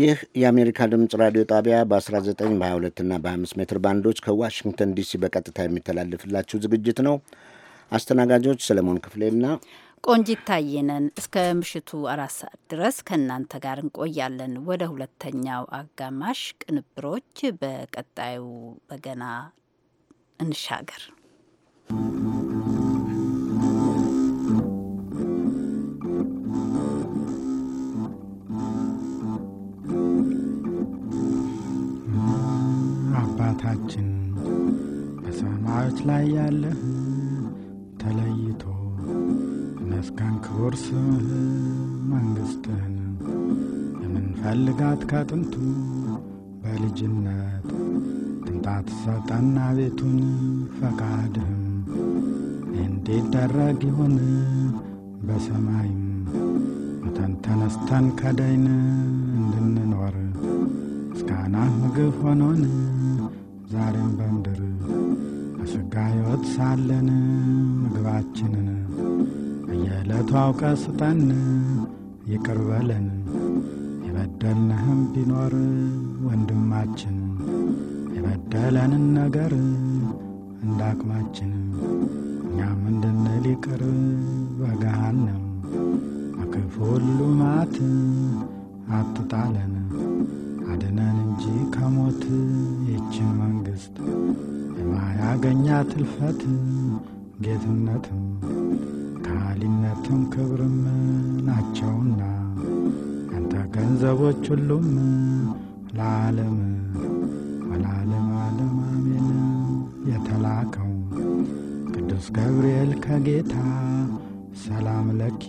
ይህ የአሜሪካ ድምፅ ራዲዮ ጣቢያ በ19 በ22ና በ25 ሜትር ባንዶች ከዋሽንግተን ዲሲ በቀጥታ የሚተላለፍላችሁ ዝግጅት ነው። አስተናጋጆች ሰለሞን ክፍሌና ቆንጂት ታየነን እስከ ምሽቱ አራት ሰዓት ድረስ ከእናንተ ጋር እንቆያለን። ወደ ሁለተኛው አጋማሽ ቅንብሮች በቀጣዩ በገና እንሻገር። አባታችን በሰማዮች ላይ ያለህ ተለይቶ ያስካን ክቡር መንግሥትህን የምንፈልጋት ካጥንቱ በልጅነት ትምጣት ሰጠና ቤቱን ፈቃድህም ደረግ ይሆን በሰማይም ሙተን ተነስተን ከዳይን እንድንኖር ምስጋና ምግብ ሆኖን ዛሬም በምድር አስጋ ሕይወት ሳለን ምግባችንን የዕለቱ አውቀ ስጠን ይቅር በለን የበደልንህም ቢኖር ወንድማችን የበደለንን ነገር እንዳቅማችን እኛም እንድንል ይቅር በገሃነም በክፉ ሁሉ ማት አትጣለን አድነን እንጂ ከሞት ይችን መንግሥት የማያገኛ ትልፈት ጌትነትም ካሊነትም ክብርም ናቸውና አንተ ገንዘቦች ሁሉም ለዓለም ወላለም ዓለም አሜን የተላከው ቅዱስ ገብርኤል ከጌታ ሰላም ለኪ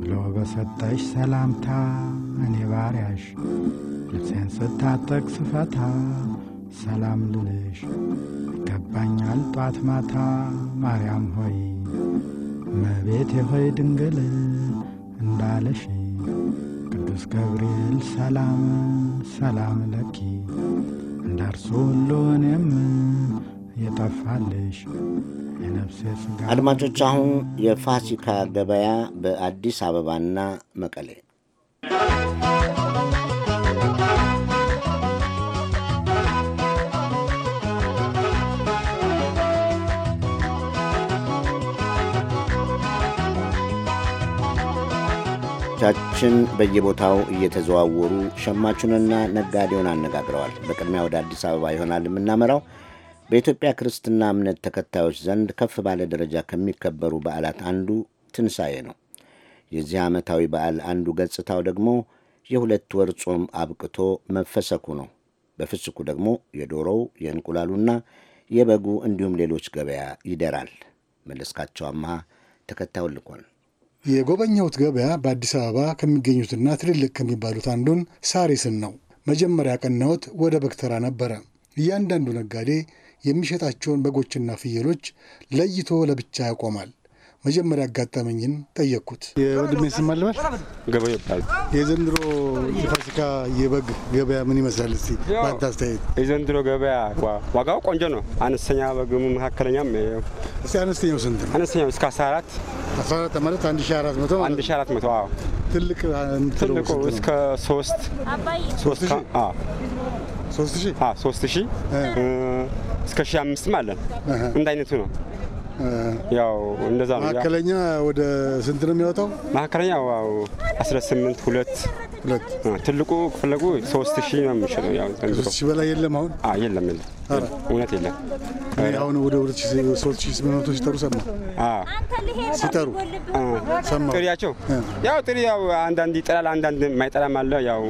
ብሎ በሰጠሽ ሰላምታ እኔ ባሪያሽ ልብሴን ስታጠቅ ስፈታ ሰላም ልልሽ ይገባኛል ጧት ማታ ማርያም ሆይ መቤት ሆይ ድንግል እንዳለሽ ቅዱስ ገብርኤል ሰላም ሰላም ለኪ እንዳርሶ ሁሉንም የጠፋልሽ አድማጮች አሁን የፋሲካ ገበያ በአዲስ አበባና መቀሌ ባልደረቦቻችን በየቦታው እየተዘዋወሩ ሸማቹንና ነጋዴውን አነጋግረዋል። በቅድሚያ ወደ አዲስ አበባ ይሆናል የምናመራው። በኢትዮጵያ ክርስትና እምነት ተከታዮች ዘንድ ከፍ ባለ ደረጃ ከሚከበሩ በዓላት አንዱ ትንሣኤ ነው። የዚህ ዓመታዊ በዓል አንዱ ገጽታው ደግሞ የሁለት ወር ጾም አብቅቶ መፈሰኩ ነው። በፍስኩ ደግሞ የዶሮው የእንቁላሉና የበጉ እንዲሁም ሌሎች ገበያ ይደራል። መለስካቸው አመሃ ተከታዩን ልኳል። የጎበኘሁት ገበያ በአዲስ አበባ ከሚገኙትና ትልልቅ ከሚባሉት አንዱን ሳሪስን ነው። መጀመሪያ ያቀናሁት ወደ በክተራ ነበረ። እያንዳንዱ ነጋዴ የሚሸጣቸውን በጎችና ፍየሎች ለይቶ ለብቻ ያቆማል። መጀመሪያ ያጋጠመኝን ጠየቅኩት። የወንድሜ ስም አልበል ገበያ የዘንድሮ የፋሲካ የበግ ገበያ ምን ይመስላል? እስቲ በአንተ አስተያየት። የዘንድሮ ገበያ ዋጋው ቆንጆ ነው። አነስተኛ በግም መካከለኛም። እስቲ አነስተኛው ስንት ነው? አነስተኛው እስከ 14 14 ማለት 1400 1400 አዎ ትልቅ ትልቁ እስከ ሺህ እስከ ሺህ አምስትም አለን። እንደ አይነቱ ነው ያው እንደዛ ነው። መካከለኛ ወደ ስንት ነው የሚወጣው? መካከለኛ ያው 18 ሁለት ሁለት ትልቁ ከፈለጉ 3000 ነው የሚሸጠው። ያው ዘንድሮ በላይ የለም። አሁን አይ የለም የለም እውነት የለም። አሁን ወደ 3800 ሲጠሩ ሰማሁ። አዎ ሲጠሩ ሰማሁ። ጥሪያቸው ያው ጥሪ ያው አንዳንድ ይጠላል፣ አንዳንድ የማይጠላም አለ። ያው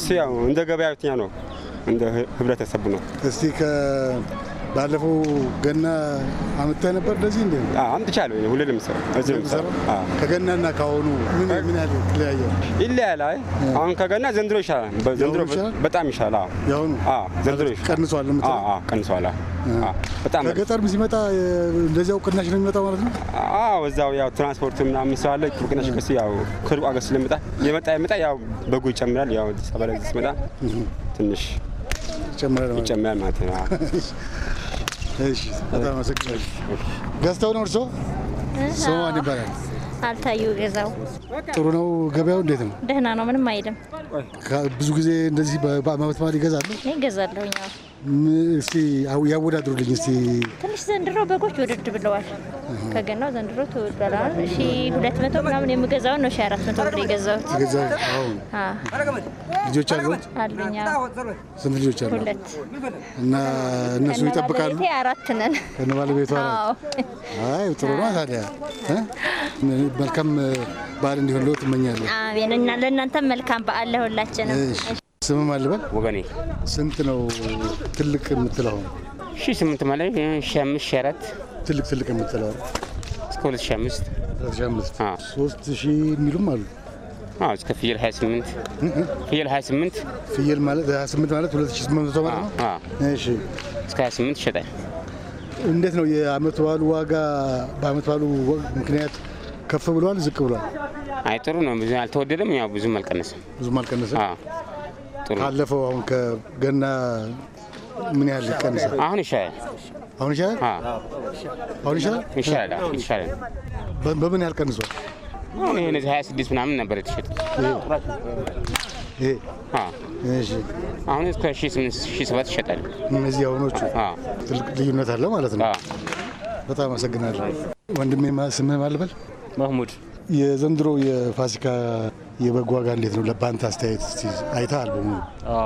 እሱ ያው እንደ ገበያተኛ ነው፣ እንደ ህብረተሰቡ ነው። እስቲ ባለፈው ገና አምጥተህ ነበር እንደዚህ እንደ አምጥቻለሁ። ሁሌ ለምሰራ ከገናና ከአሁኑ ምን ምን ያህል ይለያያል? ይለያል። አይ አሁን ከገና ዘንድሮ ይሻላል። ዘንድሮ በጣም ይሻላል። የአሁኑ ዘንድሮ ቀንሷል። ቀንሷል። በጣም ከገጠርም ሲመጣ እንደዚያው ቅናሽ ነው የሚመጣው ማለት ነው። አዎ እዛው ያው ትራንስፖርት ምናምን ስላለ ቅናሽ ቀስ ያው ክሩ አገር ስለመጣ የመጣ የመጣ ያው በጎ ይጨምራል። ያው አዲስ አበባ ላይ ሲመጣ ትንሽ ይጨምራል ማለት ነው። እሺ፣ በጣም አመሰግናለሁ። ገዝተው ነው እርሶ? ሶማን ይባላል። አልታዩ ገዛው። ጥሩ ነው። ገበያው እንዴት ነው? ደህና ነው፣ ምንም አይልም። ብዙ ጊዜ እንደዚህ በአመት በዓል ይገዛሉ? እኔ እኛ እስቲ ያወዳድሩልኝ እስቲ ትንሽ ዘንድሮ በጎች ውድድ ብለዋል። ከገናው ዘንድሮ ትወዳለዋል። ሺ ሁለት መቶ ምናምን የምገዛውን ነው ሺ አራት መቶ ብር የገዛሁት። ልጆች አሉት አሉኝ። ስንት ልጆች አሉ? ሁለት። እና እነሱ ይጠብቃሉ? አራት ነን ከነ ባለቤቷ። አይ ጥሩ ነው ታዲያ። መልካም በዓል እንዲሆን ለው ትመኛለሁ። ለእናንተም መልካም በዓል ለሁላችንም። ስም ማልበል ወገኔ ስንት ነው ትልቅ የምትለው? ሺ ስምንት ማለት ሺ አምስት ሺ አራት ትልቅ ትልቅ የምትለው እስከ ሁለት ሺ አምስት ሁለት ሺ አምስት ሶስት ሺ የሚሉም አሉ። አዎ እስከ ፍየል 28 ፍየል 28 ፍየል ማለት 28 ማለት 2800 ማለት ነው። እሺ እስከ 28 ይሸጣል። እንዴት ነው የአመት በዓሉ ዋጋ? በአመት በዓሉ ምክንያት ከፍ ብሏል፣ ዝቅ ብሏል? አይ ጥሩ ነው። ብዙ አልተወደደም፣ ያው ብዙም አልቀነሰም። ብዙም አልቀነሰም። ካለፈው አሁን ከገና ምን ያህል ይቀንሳል? አሁን ይሻላል። አሁን ይሻላል። አሁን ይሻላል። ይሻላል። አሁን ይሻላል። በምን ያህል ቀንሷል? አሁን ይሄ እነዚህ 26 ምናምን ነበር የተሸጠ ይሄ አሁን እስከ ሺህ ሰባት ይሸጣል። እነዚህ አሁኖቹ ትልቅ ልዩነት አለው ማለት ነው። በጣም አመሰግናለሁ ወንድሜ። ስምህ ማልበል ማህሙድ። የዘንድሮ የፋሲካ የበጎ ዋጋ እንዴት ነው? ለባንተ አስተያየት ስ አይታ አልበሙ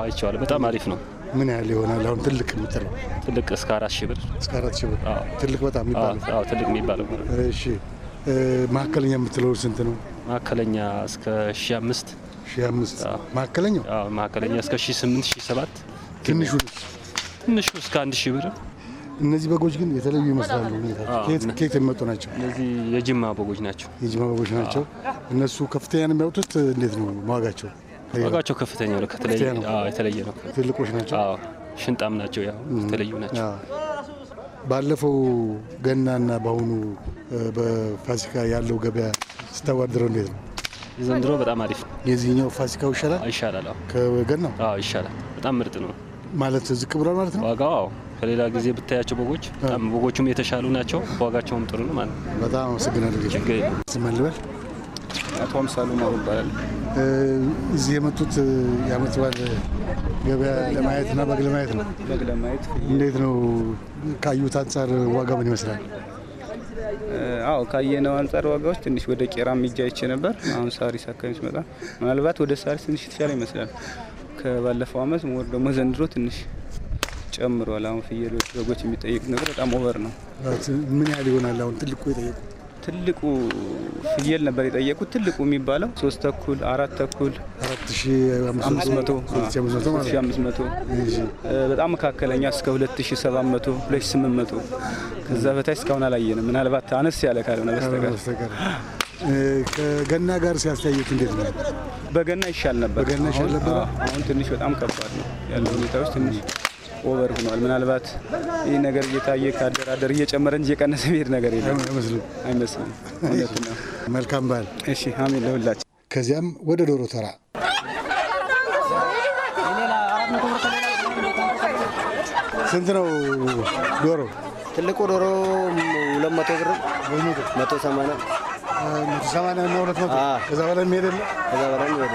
አይቼዋለሁ። በጣም አሪፍ ነው። ምን ያህል ይሆናል? አሁን ትልቅ የምትለው ትልቅ እስከ አራት ሺህ ብር እስከ አራት ሺህ ብር ትልቅ በጣም የሚባለው ትልቅ የሚባለው። እሺ መካከለኛ የምትለው ስንት ነው? መካከለኛ እስከ ሺህ አምስት ሺህ አምስት መካከለኛው መካከለኛ እስከ ሺህ ስምንት ሺህ ሰባት ትንሹ ትንሹ እስከ አንድ ሺህ ብር እነዚህ በጎች ግን የተለዩ ይመስላሉ። ከየት የሚመጡ ናቸው? እነዚህ የጅማ በጎች ናቸው። የጅማ በጎች ናቸው። እነሱ ከፍተኛ ነው የሚያወጡት። እንዴት ነው ዋጋቸው? ዋጋቸው ከፍተኛ ነው። የተለየ ነው። ትልቆች ናቸው። ሽንጣም ናቸው። ያው የተለዩ ናቸው። ባለፈው ገናና በአሁኑ በፋሲካ ያለው ገበያ ስታዋድረው እንዴት ነው? ዘንድሮ በጣም አሪፍ ነው። የዚህኛው ፋሲካው ይሻላል። ይሻላል ከገናው ይሻላል። በጣም ምርጥ ነው ማለት ዝቅ ብሏል ማለት ነው ዋጋው ከሌላ ጊዜ ብታያቸው በጎች በጣም በጎቹም የተሻሉ ናቸው። በዋጋቸውም ጥሩ ነው ማለት ነው። በጣም አመሰግናለሁ። ችግር የለም። ስም ልበል? አቶ አምሳሉ ማሩ ይባላል። እዚህ የመጡት የአመት በዓል ገበያ ለማየት እና በግ ለማየት ነው። በግ ለማየት እንዴት ነው ካዩት አንጻር ዋጋ ምን ይመስላል? አዎ ካየነው አንጻር ዋጋዎች ትንሽ ወደ ቄራ ሚጃ ይቼ ነበር። አሁን ሳሪስ አካባቢ ስመጣ ምናልባት ወደ ሳሪስ ትንሽ የተሻለ ይመስላል ከባለፈው አመት ሞር ደግሞ ዘንድሮ ትንሽ ጨምሯል። አሁን ፍየሎች፣ በጎች የሚጠየቅ ነገር በጣም ኦቨር ነው። ምን ያህል ይሆናል? አሁን ትልቁ የጠየቁ? ትልቁ ፍየል ነበር የጠየቁት ትልቁ የሚባለው ሶስት ተኩል አራት ተኩል በጣም መካከለኛ እስከ 2700 2800 ከዛ በታች እስካሁን አላየንም። ምናልባት አነስ ያለ ካልሆነ በስተቀር ከገና ጋር ሲያስተያየት እንዴት ነው? በገና ይሻል ነበር። አሁን ትንሽ በጣም ከባድ ነው ያለው ሁኔታዎች ትንሽ ኦቨር ሆኗል። ምናልባት ይህ ነገር እየታየ ከአደራደር እየጨመረ እንጂ የቀነሰ መሄድ ነገር የለም አይመስልም። እውነት ነው። መልካም በዓል። እሺ፣ አሜን ለሁላችን። ከዚያም ወደ ዶሮ ተራ ስንት ነው ዶሮ? ትልቁ ዶሮ ሁለት መቶ ብር መቶ ሰማንያ መቶ ሰማንያ እና ሁለት መቶ ከዛ በላይ የሚሄድ የለ ከዛ በላይ የሚሄድ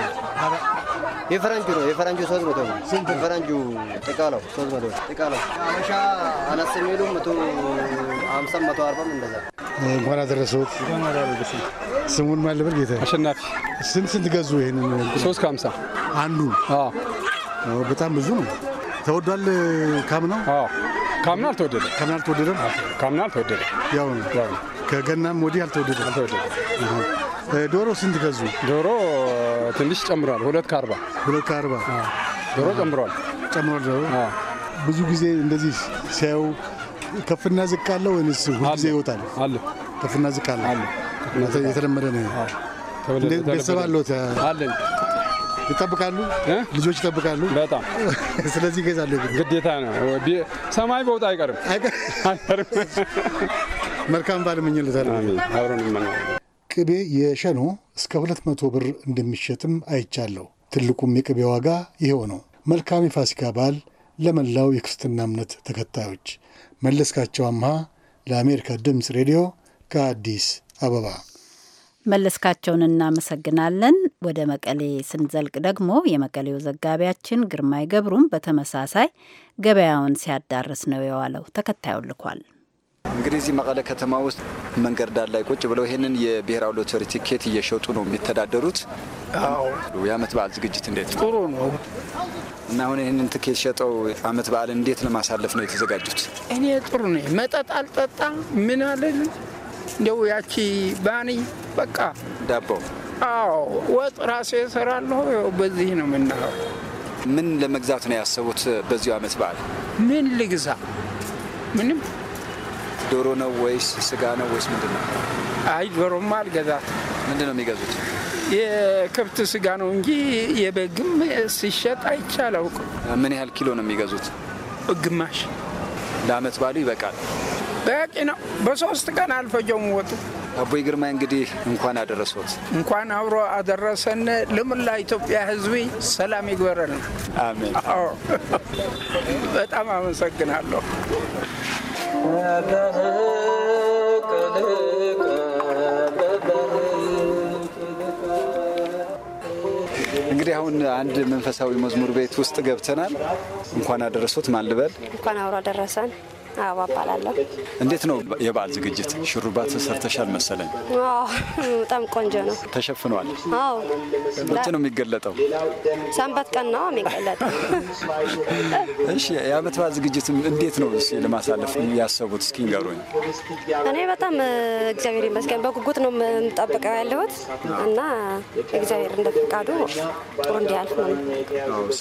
የፈረንጁ ነው የፈረንጁ ሶስት መቶ ነው። የፈረንጁ ጥቃለው ሶስት መቶ ጥቃለው አበሻ አነስ የሚሉ መቶ ሀምሳ መቶ አርባም እንደዛ። እንኳን አደረሰዎት። ስሙን ማን ልበል? ጌታ አሸናፊ። ስንት ስንት ገዙ? ይሄንን ሶስት ከሀምሳ አንዱ። በጣም ብዙ ነው። ተወዷል። ካምናው ካምና አልተወደደ ካምና አልተወደደም። ካምና አልተወደደ ያው ነው። ከገናም ወዲህ አልተወደደ አልተወደደ ዶሮ ስንት ገዙ? ዶሮ ትንሽ ጨምሯል። ሁለት ከአርባ ሁለት ከአርባ ዶሮ ጨምሯል ጨምሯል። ዶሮ ብዙ ጊዜ እንደዚህ ሲያዩ ከፍና ዝቅ አለ ወይንስ ሁልጊዜ ይወጣል? አለ ከፍና ዝቅ አለ። አለ የተለመደ ነው። ቤተሰብ አለዎት? አለኝ። ይጠብቃሉ? ልጆች ይጠብቃሉ? በጣም ስለዚህ ይገዛሉ። ግዴታ ነው። ሰማይ በውጥ አይቀርም አይቀርም። መልካም ባል እመኝልዎታለሁ። አብረን ቅቤ የሸኖ እስከ 200 ብር እንደሚሸጥም አይቻለሁ። ትልቁም የቅቤ ዋጋ ይኸው ነው። መልካም የፋሲካ በዓል ለመላው የክርስትና እምነት ተከታዮች። መለስካቸው አምሃ ለአሜሪካ ድምፅ ሬዲዮ ከአዲስ አበባ። መለስካቸውን እናመሰግናለን። ወደ መቀሌ ስንዘልቅ ደግሞ የመቀሌው ዘጋቢያችን ግርማይ ገብሩም በተመሳሳይ ገበያውን ሲያዳርስ ነው የዋለው። ተከታዩን ልኳል። እንግዲህ እዚህ መቀለ ከተማ ውስጥ መንገድ ዳር ላይ ቁጭ ብለው ይህንን የብሔራዊ ሎተሪ ቲኬት እየሸጡ ነው የሚተዳደሩት። የአመት በዓል ዝግጅት እንዴት ነው? ጥሩ ነው። እና አሁን ይህንን ትኬት ሸጠው አመት በዓል እንዴት ለማሳለፍ ነው የተዘጋጁት? እኔ ጥሩ ነኝ። መጠጥ አልጠጣ ምን አለን እንደው ያቺ ባኒ በቃ ዳቦ፣ አዎ ወጥ ራሴ እሰራለሁ። በዚህ ነው የምናየው። ምን ለመግዛት ነው ያሰቡት በዚሁ አመት በዓል? ምን ልግዛ? ምንም ዶሮ ነው ወይስ ስጋ ነው ወይስ ምንድን ነው? አይ ዶሮማ አልገዛት። ምንድን ነው የሚገዙት? የከብት ስጋ ነው እንጂ የበግም ሲሸጥ አይቻለው። ምን ያህል ኪሎ ነው የሚገዙት? ግማሽ ለአመት ባሉ ይበቃል። በቂ ነው። በሶስት ቀን አልፈጀውም ወጡ። አቦይ ግርማ እንግዲህ እንኳን አደረሰት እንኳን አብሮ አደረሰን። ለምላ ኢትዮጵያ ሕዝብ ሰላም ይግበረን። አሜን። በጣም አመሰግናለሁ። እንግዲህ አሁን አንድ መንፈሳዊ መዝሙር ቤት ውስጥ ገብተናል። እንኳን አደረሱት ማልበል እንኳን አብሮ አደረሰን። አበባ እባላለሁ። እንዴት ነው የበዓል ዝግጅት? ሹሩባ ተሰርተሻል መሰለኝ። በጣም ቆንጆ ነው። ተሸፍኗል። አዎ። መቼ ነው የሚገለጠው? ሰንበት ቀን ነው የሚገለጠው። እሺ፣ የአመት በዓል ዝግጅት እንዴት ነው ለማሳለፍ ያሰቡት? እስኪ ንገሩኝ። እኔ በጣም እግዚአብሔር ይመስገን በጉጉት ነው የምጠብቀው ያለሁት እና እግዚአብሔር እንደ ፈቃዱ ጥሩ እንዲያልፍ ነው።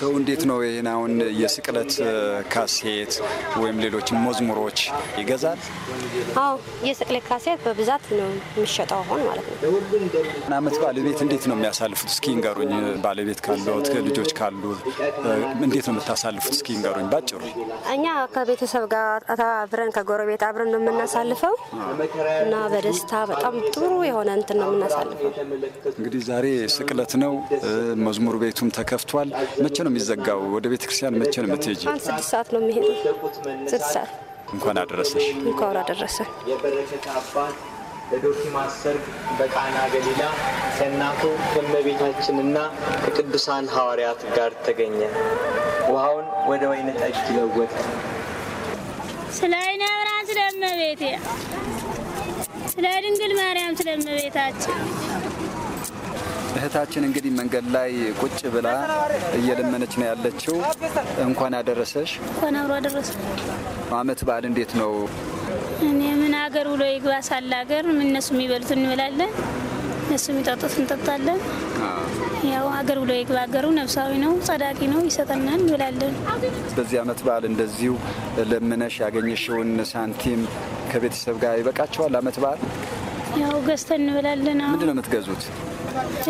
ሰው እንዴት ነው ይህን አሁን የስቅለት ካሴት ወይም ሌሎች ሞዝ ኩምሮች ይገዛል። አዎ የስቅለት ካሴት በብዛት ነው የሚሸጠው አሁን ማለት ነው። አመት ባለቤት እንዴት ነው የሚያሳልፉት? እስኪ ንገሩኝ። ባለቤት ካለት ልጆች ካሉ እንዴት ነው የምታሳልፉት? እስኪ ንገሩኝ ባጭሩ። እኛ ከቤተሰብ ጋር አብረን ከጎረቤት አብረን ነው የምናሳልፈው እና በደስታ በጣም ጥሩ የሆነ እንትን ነው የምናሳልፈው። እንግዲህ ዛሬ ስቅለት ነው። መዝሙር ቤቱም ተከፍቷል። መቼ ነው የሚዘጋው? ወደ ቤተክርስቲያን መቼ ነው የምትሄጂ? ስድስት ሰዓት ነው የሚሄዱ ስድስት ሰዓት እንኳን አደረሰሽ። እንኳን አደረሰ። የበረከት አባት በዶኪማስ ሰርግ በቃና ገሊላ ከእናቱ ከእመቤታችንና ከቅዱሳን ሐዋርያት ጋር ተገኘ። ውሃውን ወደ ወይነ ጠጅ ይለወጥ። ስለ አይነ ብርሃን ስለ እመቤቴ ስለ ድንግል ማርያም ስለ እመቤታችን እህታችን እንግዲህ መንገድ ላይ ቁጭ ብላ እየለመነች ነው ያለችው። እንኳን ያደረሰሽ እንኳን አብሮ አደረሰ። አመት በዓል እንዴት ነው? እኔ ምን ሀገር ውሎ ይግባ ሳለ ሀገር እነሱ የሚበሉት እንበላለን፣ እነሱ የሚጠጡት እንጠጣለን። ያው ሀገር ውሎ ይግባ ሀገሩ ነፍሳዊ ነው፣ ጸዳቂ ነው፣ ይሰጠናል፣ እንበላለን። በዚህ አመት በዓል እንደዚሁ ለምነሽ ያገኘሽውን ሳንቲም ከቤተሰብ ጋር ይበቃቸዋል? አመት በዓል ያው ገዝተን እንበላለን። ምንድን ነው የምትገዙት?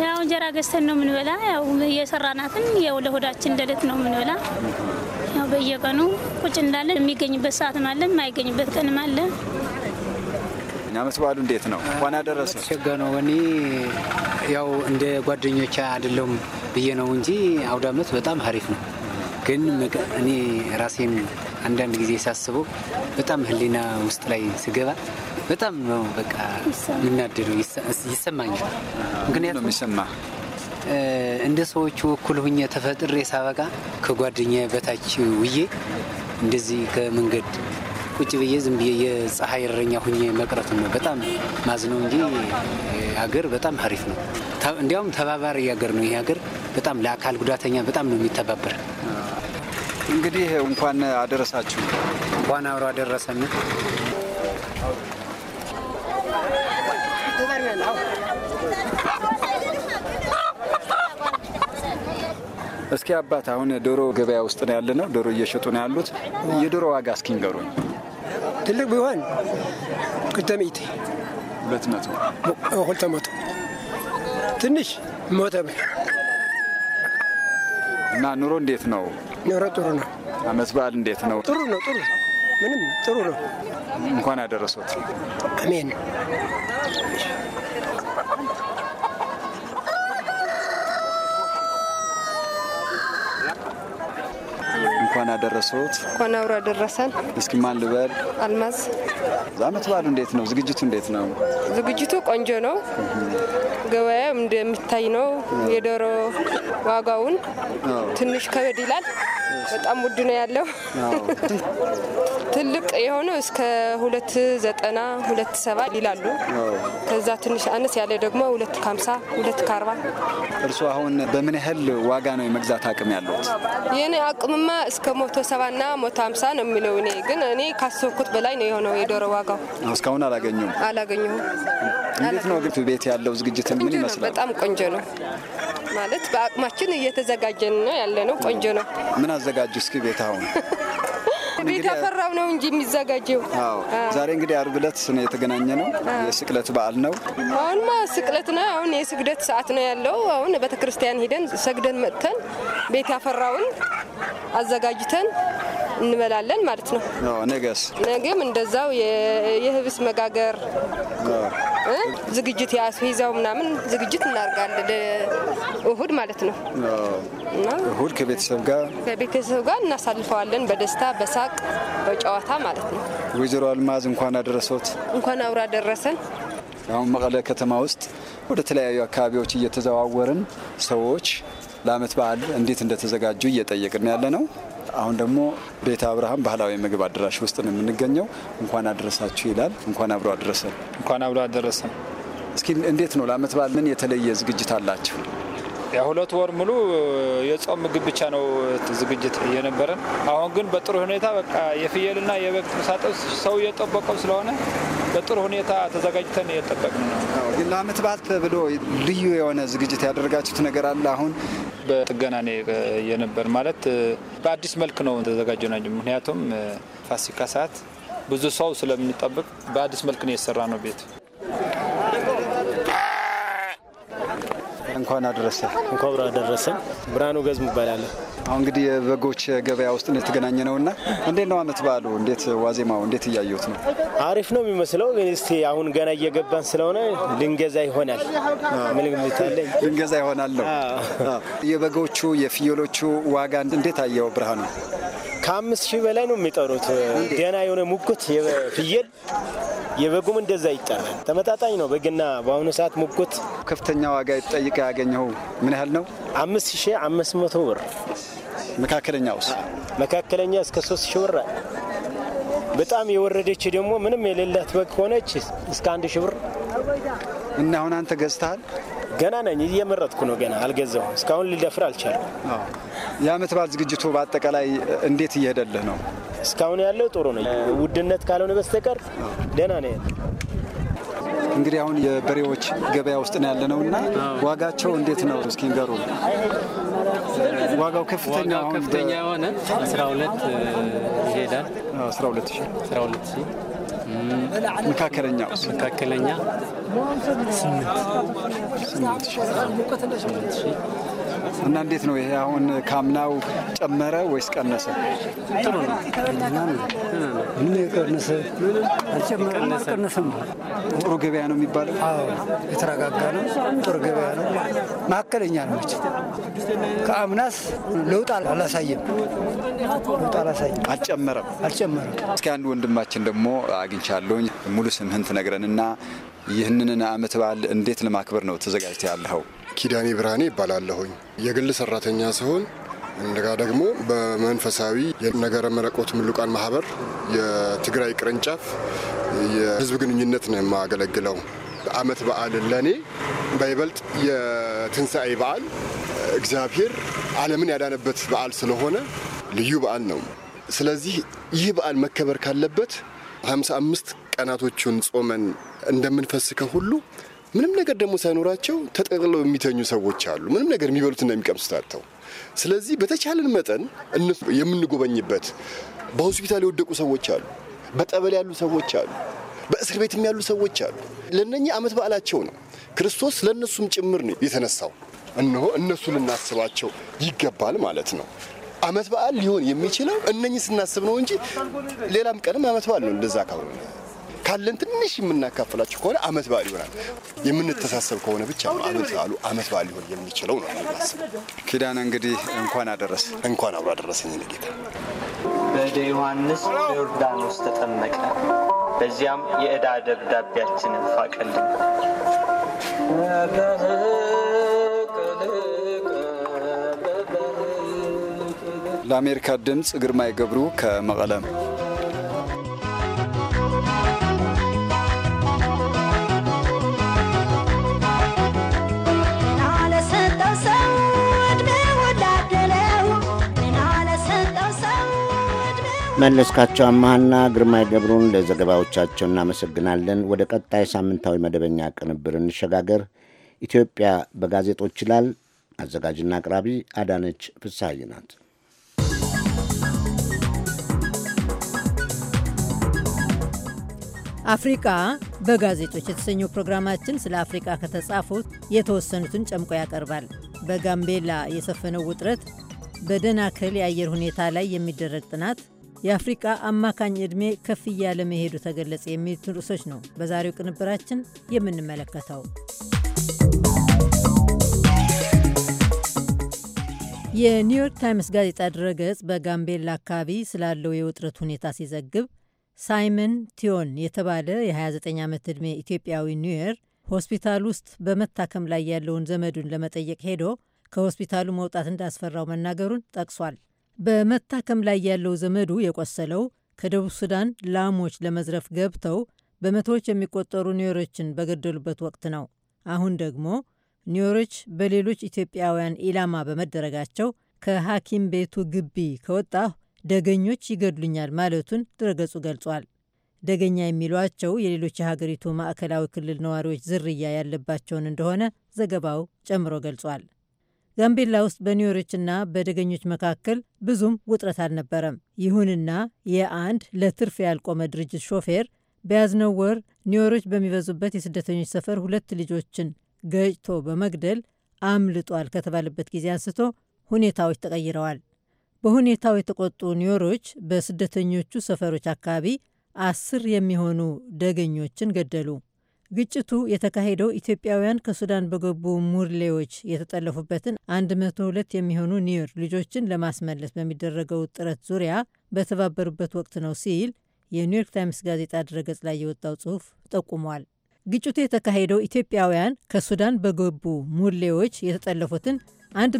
ያው እንጀራ ገዝተን ነው የምንበላ። ያው የሰራናትን ያው ለሆዳችን ደለት ነው የምንበላ ያው በየቀኑ ቁጭ እንዳለን የሚገኝበት ሰዓትም አለ፣ የማይገኝበት ቀንም አለ። አመት በዓሉ እንዴት ነው? ዋና ደረሰ ሸገ ነው። እኔ ያው እንደ ጓደኞች አይደለም ብዬ ነው እንጂ አውደ አመት በጣም ሀሪፍ ነው። ግን እኔ ራሴን አንዳንድ ጊዜ ሳስበው በጣም ህሊና ውስጥ ላይ ስገባ በጣም ነው በቃ የምናደደው ይሰማኛል። ምክንያቱም እንደ ሰዎቹ እኩል ሁኜ ተፈጥሬ ሳበቃ ከጓደኛ በታች ውዬ እንደዚህ ከመንገድ ቁጭ ብዬ ዝም ብዬ የፀሐይ እረኛ ሁኜ መቅረቱ ነው በጣም ማዝነው እንጂ ሀገር በጣም ሀሪፍ ነው። እንዲያውም ተባባሪ ሀገር ነው። ይህ ሀገር በጣም ለአካል ጉዳተኛ በጣም ነው የሚተባበር። እንግዲህ እንኳን አደረሳችሁ። እንኳን አብሮ አደረሰን። እስኪ አባት አሁን ዶሮ ገበያ ውስጥ ነው ያለ ነው፣ ዶሮ እየሸጡ ነው ያሉት። የዶሮ ዋጋ እስኪ ንገሩኝ። ትልቅ ቢሆን ቅደም ኢት ሁለት መቶ ሁለት መቶ ትንሽ ሞተ እና ኑሮ እንዴት ነው? ኑሮ ጥሩ ነው። አመት በዓል እንዴት ነው? ጥሩ ነው። ጥሩ ምንም ጥሩ ነው። እንኳን ያደረሶት። አሜን እንኳን አደረሰዎት። እንኳን አብሮ አደረሰን። እስኪ ማን ልበል? አልማዝ። አመት በዓሉ እንዴት ነው? ዝግጅቱ እንዴት ነው? ዝግጅቱ ቆንጆ ነው። ገበያው እንደሚታይ ነው። የዶሮ ዋጋውን ትንሽ ከበድ ይላል። በጣም ውድ ነው ያለው። ትልቅ የሆነው እስከ ሁለት ዘጠና ሁለት ሰባ ይላሉ። ከዛ ትንሽ አነስ ያለ ደግሞ ሁለት ከሀምሳ ሁለት ከአርባ እርሱ አሁን በምን ያህል ዋጋ ነው የመግዛት አቅም ያለት? የኔ አቅምማ እስከ ሞቶ ና ሞቶ ሀምሳ ነው የሚለው እኔ ግን እኔ ካሰብኩት በላይ ነው የሆነው የዶሮ ዋጋው። እስካሁን አላገኘሁም አላገኘሁም። እንዴት ነው ግን ቤት ያለው ዝግጅት ምን ይመስላል? በጣም ቆንጆ ነው ማለት በአቅማችን እየተዘጋጀን ነው ያለ ነው። ቆንጆ ነው። ምን አዘጋጁ እስኪ ቤት አሁን ቤት ያፈራው ነው እንጂ የሚዘጋጀው። አዎ ዛሬ እንግዲህ አርብ ዕለት ነው የተገናኘ ነው። የስቅለት በዓል ነው። አሁንማ ስቅለት ነው። አሁን የስግደት ሰዓት ነው ያለው። አሁን ቤተክርስቲያን ሂደን ሰግደን መጥተን ቤት ያፈራውን አዘጋጅተን እንበላለን ማለት ነው። ነገስ ነገም እንደዛው የህብስ መጋገር ዝግጅት ያሱ ምናምን ዝግጅት እናርጋለን። እሁድ ማለት ነው። እሁድ ከቤተሰብ ጋር ከቤተሰብ ጋር እናሳልፈዋለን በደስታ በሳቅ በጨዋታ ማለት ነው። ወይዘሮ አልማዝ እንኳን አደረሰዎት። እንኳን አውራ ደረሰን። አሁን መቀለ ከተማ ውስጥ ወደ ተለያዩ አካባቢዎች እየተዘዋወርን ሰዎች ለአመት በዓል እንዴት እንደተዘጋጁ እየጠየቅን ያለ ነው። አሁን ደግሞ ቤተ አብርሃም ባህላዊ ምግብ አዳራሽ ውስጥ ነው የምንገኘው። እንኳን አደረሳችሁ ይላል። እንኳን አብሮ አደረሰን። እንኳን አብሮ አደረሰን። እስኪ እንዴት ነው ለአመት በዓል ምን የተለየ ዝግጅት አላቸው? ሁለት ወር ሙሉ የጾም ምግብ ብቻ ነው ዝግጅት የነበረን። አሁን ግን በጥሩ ሁኔታ በቃ የፍየልና የበግ ጥብሳጥብስ ሰው እየጠበቀው ስለሆነ በጥሩ ሁኔታ ተዘጋጅተን እየጠበቅን ነው። ለአመት በዓል ተብሎ ልዩ የሆነ ዝግጅት ያደረጋችሁት ነገር አለ? አሁን በጥገና የነበር ማለት በአዲስ መልክ ነው ተዘጋጀ ናቸው። ምክንያቱም ፋሲካ ሰዓት ብዙ ሰው ስለምንጠብቅ በአዲስ መልክ ነው የሰራ ነው ቤት እንኳን አደረሰ። እንኳ ብራ አደረሰ። ብርሃኑ ገዝ እባላለሁ። አሁን እንግዲህ የበጎች ገበያ ውስጥ የተገናኘ ነው እና እንዴት ነው አመት በዓሉ? እንዴት ዋዜማው እንዴት እያየሁት ነው? አሪፍ ነው የሚመስለው። እስቲ አሁን ገና እየገባን ስለሆነ ልንገዛ ይሆናል ልንገዛ ይሆናል ነው። የበጎቹ የፍየሎቹ ዋጋ እንዴት አየው ብርሃኑ? ከአምስት ሺህ በላይ ነው የሚጠሩት። ደህና የሆነ ሙጉት ፍየል የበጉም እንደዛ ይጠራል። ተመጣጣኝ ነው። በግና በአሁኑ ሰዓት ሙጎት ከፍተኛ ዋጋ ይጠይቅ ያገኘው ምን ያህል ነው? አምስት ሺ አምስት መቶ ብር መካከለኛ ውስ መካከለኛ እስከ ሶስት ሺ ብር በጣም የወረደች ደግሞ ምንም የሌላት በግ ከሆነች እስከ አንድ ሺ ብር እና አሁን አንተ ገዝተሃል ገና ነኝ፣ እየመረጥኩ ነው። ገና አልገዛው እስካሁን ልደፍር አልቻልኩም። የአመት በዓል ዝግጅቱ በአጠቃላይ እንዴት እየሄደልህ ነው? እስካሁን ያለው ጥሩ ነው። ውድነት ካልሆነ በስተቀር ደህና ነው እንግዲህ አሁን የበሬዎች ገበያ ውስጥ ነው ያለ ነው እና ዋጋቸው እንዴት ነው እስኪ ንገሩን። ዋጋው ከፍተኛ ከፍተኛ የሆነ 12 ይሄዳል 12 12 መካከለኛ መካከለኛ ስምንት ስምንት እና እንዴት ነው ይሄ አሁን ካምናው ጨመረ ወይስ ቀነሰ? ጥሩ ነው። ምን የቀነሰ አልጨመረም፣ አልቀነሰም። ጥሩ ገበያ ነው የሚባለው። የተረጋጋ ነው። ጥሩ ገበያ ነው። መካከለኛ ነው። ከአምናስ ለውጥ አላሳየም። ለውጥ አላሳየም። አልጨመረም፣ አልጨመረም። እስኪ አንድ ወንድማችን ደግሞ አግኝቻለሁኝ። ሙሉ ስምህን ትነግረንና ይህንን አመት በዓል እንዴት ለማክበር ነው ተዘጋጅተ ያለኸው? ኪዳኔ ብርሃኔ ይባላለሁኝ። የግል ሰራተኛ ሲሆን እንደጋ ደግሞ በመንፈሳዊ የነገረ መለኮት ምሉቃን ማህበር የትግራይ ቅርንጫፍ የህዝብ ግንኙነት ነው የማገለግለው። አመት በዓል ለእኔ በይበልጥ የትንሣኤ በዓል እግዚአብሔር ዓለምን ያዳነበት በዓል ስለሆነ ልዩ በዓል ነው። ስለዚህ ይህ በዓል መከበር ካለበት 55 ቀናቶቹን ጾመን እንደምንፈስከው ሁሉ ምንም ነገር ደግሞ ሳይኖራቸው ተጠቅለው የሚተኙ ሰዎች አሉ። ምንም ነገር የሚበሉትና የሚቀምሱት አጥተው። ስለዚህ በተቻለን መጠን እነሱ የምንጎበኝበት በሆስፒታል የወደቁ ሰዎች አሉ፣ በጠበል ያሉ ሰዎች አሉ፣ በእስር ቤትም ያሉ ሰዎች አሉ። ለእነኚህ ዓመት በዓላቸው ነው። ክርስቶስ ለእነሱም ጭምር ነው የተነሳው። እነሆ እነሱ ልናስባቸው ይገባል ማለት ነው። ዓመት በዓል ሊሆን የሚችለው እነኚህ ስናስብ ነው እንጂ ሌላም ቀንም ዓመት በዓል ነው እንደዛ ካሁን ካለን ትንሽ የምናካፍላቸው ከሆነ አመት በዓል ይሆናል። የምንተሳሰብ ከሆነ ብቻ ነው አመት በዓሉ አመት በዓል ሊሆን የሚችለው ነው ማስብ። ኪዳነ እንግዲህ እንኳን አደረሰ እንኳን አብሮ አደረሰኝ። ጌታ በደ ዮሐንስ በዮርዳኖስ ተጠመቀ፣ በዚያም የእዳ ደብዳቤያችንን ፋቀልን። ለአሜሪካ ድምፅ ግርማይ ገብሩ ከመቀለም መለስካቸው አማሃና ግርማይ ገብሩን ለዘገባዎቻቸው እናመሰግናለን። ወደ ቀጣይ ሳምንታዊ መደበኛ ቅንብር እንሸጋገር። ኢትዮጵያ በጋዜጦች ይላል። አዘጋጅና አቅራቢ አዳነች ፍስሐዬ ናት። አፍሪቃ በጋዜጦች የተሰኘው ፕሮግራማችን ስለ አፍሪቃ ከተጻፉት የተወሰኑትን ጨምቆ ያቀርባል። በጋምቤላ የሰፈነው ውጥረት፣ በደናከል የአየር ሁኔታ ላይ የሚደረግ ጥናት፣ የአፍሪቃ አማካኝ ዕድሜ ከፍ እያለ መሄዱ ተገለጸ የሚሉትን ርዕሶች ነው በዛሬው ቅንብራችን የምንመለከተው። የኒውዮርክ ታይምስ ጋዜጣ ድረገጽ በጋምቤላ አካባቢ ስላለው የውጥረት ሁኔታ ሲዘግብ ሳይመን ቲዮን የተባለ የ29 ዓመት ዕድሜ ኢትዮጵያዊ ኒውዮር ሆስፒታል ውስጥ በመታከም ላይ ያለውን ዘመዱን ለመጠየቅ ሄዶ ከሆስፒታሉ መውጣት እንዳስፈራው መናገሩን ጠቅሷል። በመታከም ላይ ያለው ዘመዱ የቆሰለው ከደቡብ ሱዳን ላሞች ለመዝረፍ ገብተው በመቶዎች የሚቆጠሩ ኒዮሮችን በገደሉበት ወቅት ነው። አሁን ደግሞ ኒዮሮች በሌሎች ኢትዮጵያውያን ኢላማ በመደረጋቸው ከሐኪም ቤቱ ግቢ ከወጣሁ ደገኞች ይገድሉኛል ማለቱን ድረገጹ ገልጿል። ደገኛ የሚሏቸው የሌሎች የሀገሪቱ ማዕከላዊ ክልል ነዋሪዎች ዝርያ ያለባቸውን እንደሆነ ዘገባው ጨምሮ ገልጿል። ጋምቤላ ውስጥ በኒዮሮችና በደገኞች መካከል ብዙም ውጥረት አልነበረም። ይሁንና የአንድ ለትርፍ ያልቆመ ድርጅት ሾፌር በያዝነው ወር ኒዮሮች በሚበዙበት የስደተኞች ሰፈር ሁለት ልጆችን ገጭቶ በመግደል አምልጧል ከተባለበት ጊዜ አንስቶ ሁኔታዎች ተቀይረዋል። በሁኔታው የተቆጡ ኒዮሮች በስደተኞቹ ሰፈሮች አካባቢ አስር የሚሆኑ ደገኞችን ገደሉ። ግጭቱ የተካሄደው ኢትዮጵያውያን ከሱዳን በገቡ ሙርሌዎች የተጠለፉበትን 102 የሚሆኑ ኒር ልጆችን ለማስመለስ በሚደረገው ጥረት ዙሪያ በተባበሩበት ወቅት ነው ሲል የኒውዮርክ ታይምስ ጋዜጣ ድረገጽ ላይ የወጣው ጽሑፍ ጠቁሟል። ግጭቱ የተካሄደው ኢትዮጵያውያን ከሱዳን በገቡ ሙርሌዎች የተጠለፉትን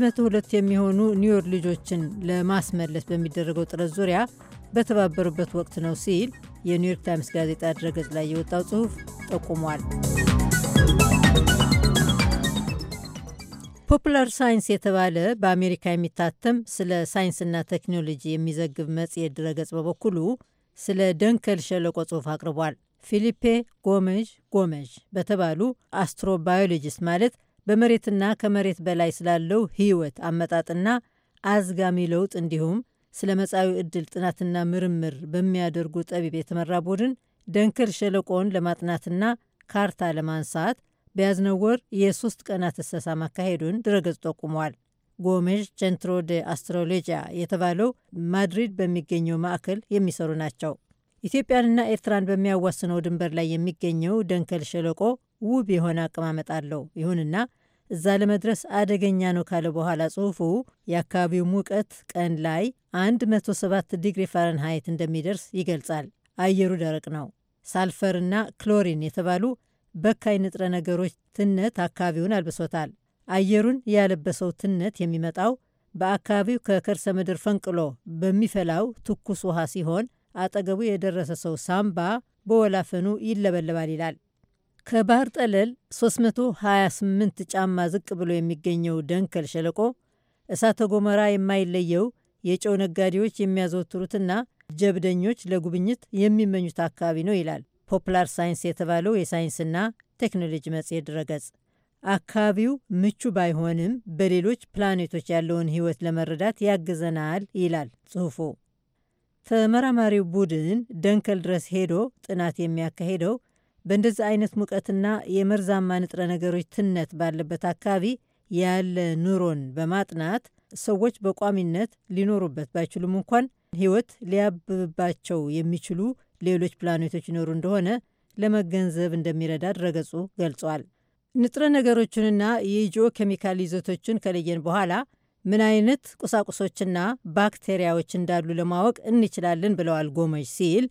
102 የሚሆኑ ኒውዮር ልጆችን ለማስመለስ በሚደረገው ጥረት ዙሪያ በተባበሩበት ወቅት ነው ሲል የኒውዮርክ ታይምስ ጋዜጣ ድረገጽ ላይ የወጣው ጽሑፍ ጠቁሟል። ፖፑላር ሳይንስ የተባለ በአሜሪካ የሚታተም ስለ ሳይንስና ቴክኖሎጂ የሚዘግብ መጽሔት ድረገጽ በበኩሉ ስለ ደንከል ሸለቆ ጽሑፍ አቅርቧል። ፊሊፔ ጎመዥ ጎመዥ በተባሉ አስትሮባዮሎጂስት ማለት በመሬትና ከመሬት በላይ ስላለው ሕይወት አመጣጥና አዝጋሚ ለውጥ እንዲሁም ስለ መጻዊ ዕድል ጥናትና ምርምር በሚያደርጉ ጠቢብ የተመራ ቡድን ደንከል ሸለቆን ለማጥናትና ካርታ ለማንሳት በያዝነው ወር የሶስት ቀናት እሰሳ ማካሄዱን ድረገጽ ጠቁሟል። ጎሜዥ ቼንትሮ ደ አስትሮሎጂያ የተባለው ማድሪድ በሚገኘው ማዕከል የሚሰሩ ናቸው። ኢትዮጵያንና ኤርትራን በሚያዋስነው ድንበር ላይ የሚገኘው ደንከል ሸለቆ ውብ የሆነ አቀማመጥ አለው። ይሁንና እዛ ለመድረስ አደገኛ ነው ካለ በኋላ ጽሑፉ የአካባቢው ሙቀት ቀን ላይ 107 ዲግሪ ፋረንሃይት እንደሚደርስ ይገልጻል። አየሩ ደረቅ ነው። ሳልፈርና ክሎሪን የተባሉ በካይ ንጥረ ነገሮች ትነት አካባቢውን አልብሶታል። አየሩን ያለበሰው ትነት የሚመጣው በአካባቢው ከከርሰ ምድር ፈንቅሎ በሚፈላው ትኩስ ውሃ ሲሆን አጠገቡ የደረሰ ሰው ሳምባ በወላፈኑ ይለበለባል ይላል። ከባህር ጠለል 328 ጫማ ዝቅ ብሎ የሚገኘው ደንከል ሸለቆ እሳተ ጎመራ የማይለየው የጨው ነጋዴዎች የሚያዘወትሩትና ጀብደኞች ለጉብኝት የሚመኙት አካባቢ ነው ይላል ፖፕላር ሳይንስ የተባለው የሳይንስና ቴክኖሎጂ መጽሔት ድረገጽ። አካባቢው ምቹ ባይሆንም በሌሎች ፕላኔቶች ያለውን ሕይወት ለመረዳት ያግዘናል ይላል ጽሑፉ። ተመራማሪው ቡድን ደንከል ድረስ ሄዶ ጥናት የሚያካሄደው በእንደዚህ አይነት ሙቀትና የመርዛማ ንጥረ ነገሮች ትነት ባለበት አካባቢ ያለ ኑሮን በማጥናት ሰዎች በቋሚነት ሊኖሩበት ባይችሉም እንኳን ሕይወት ሊያብብባቸው የሚችሉ ሌሎች ፕላኔቶች ይኖሩ እንደሆነ ለመገንዘብ እንደሚረዳ ድረገጹ ገልጿል። ንጥረ ነገሮችንና የጂኦ ኬሚካል ይዘቶችን ከለየን በኋላ ምን አይነት ቁሳቁሶችና ባክቴሪያዎች እንዳሉ ለማወቅ እንችላለን ብለዋል ጎመጅ ሲል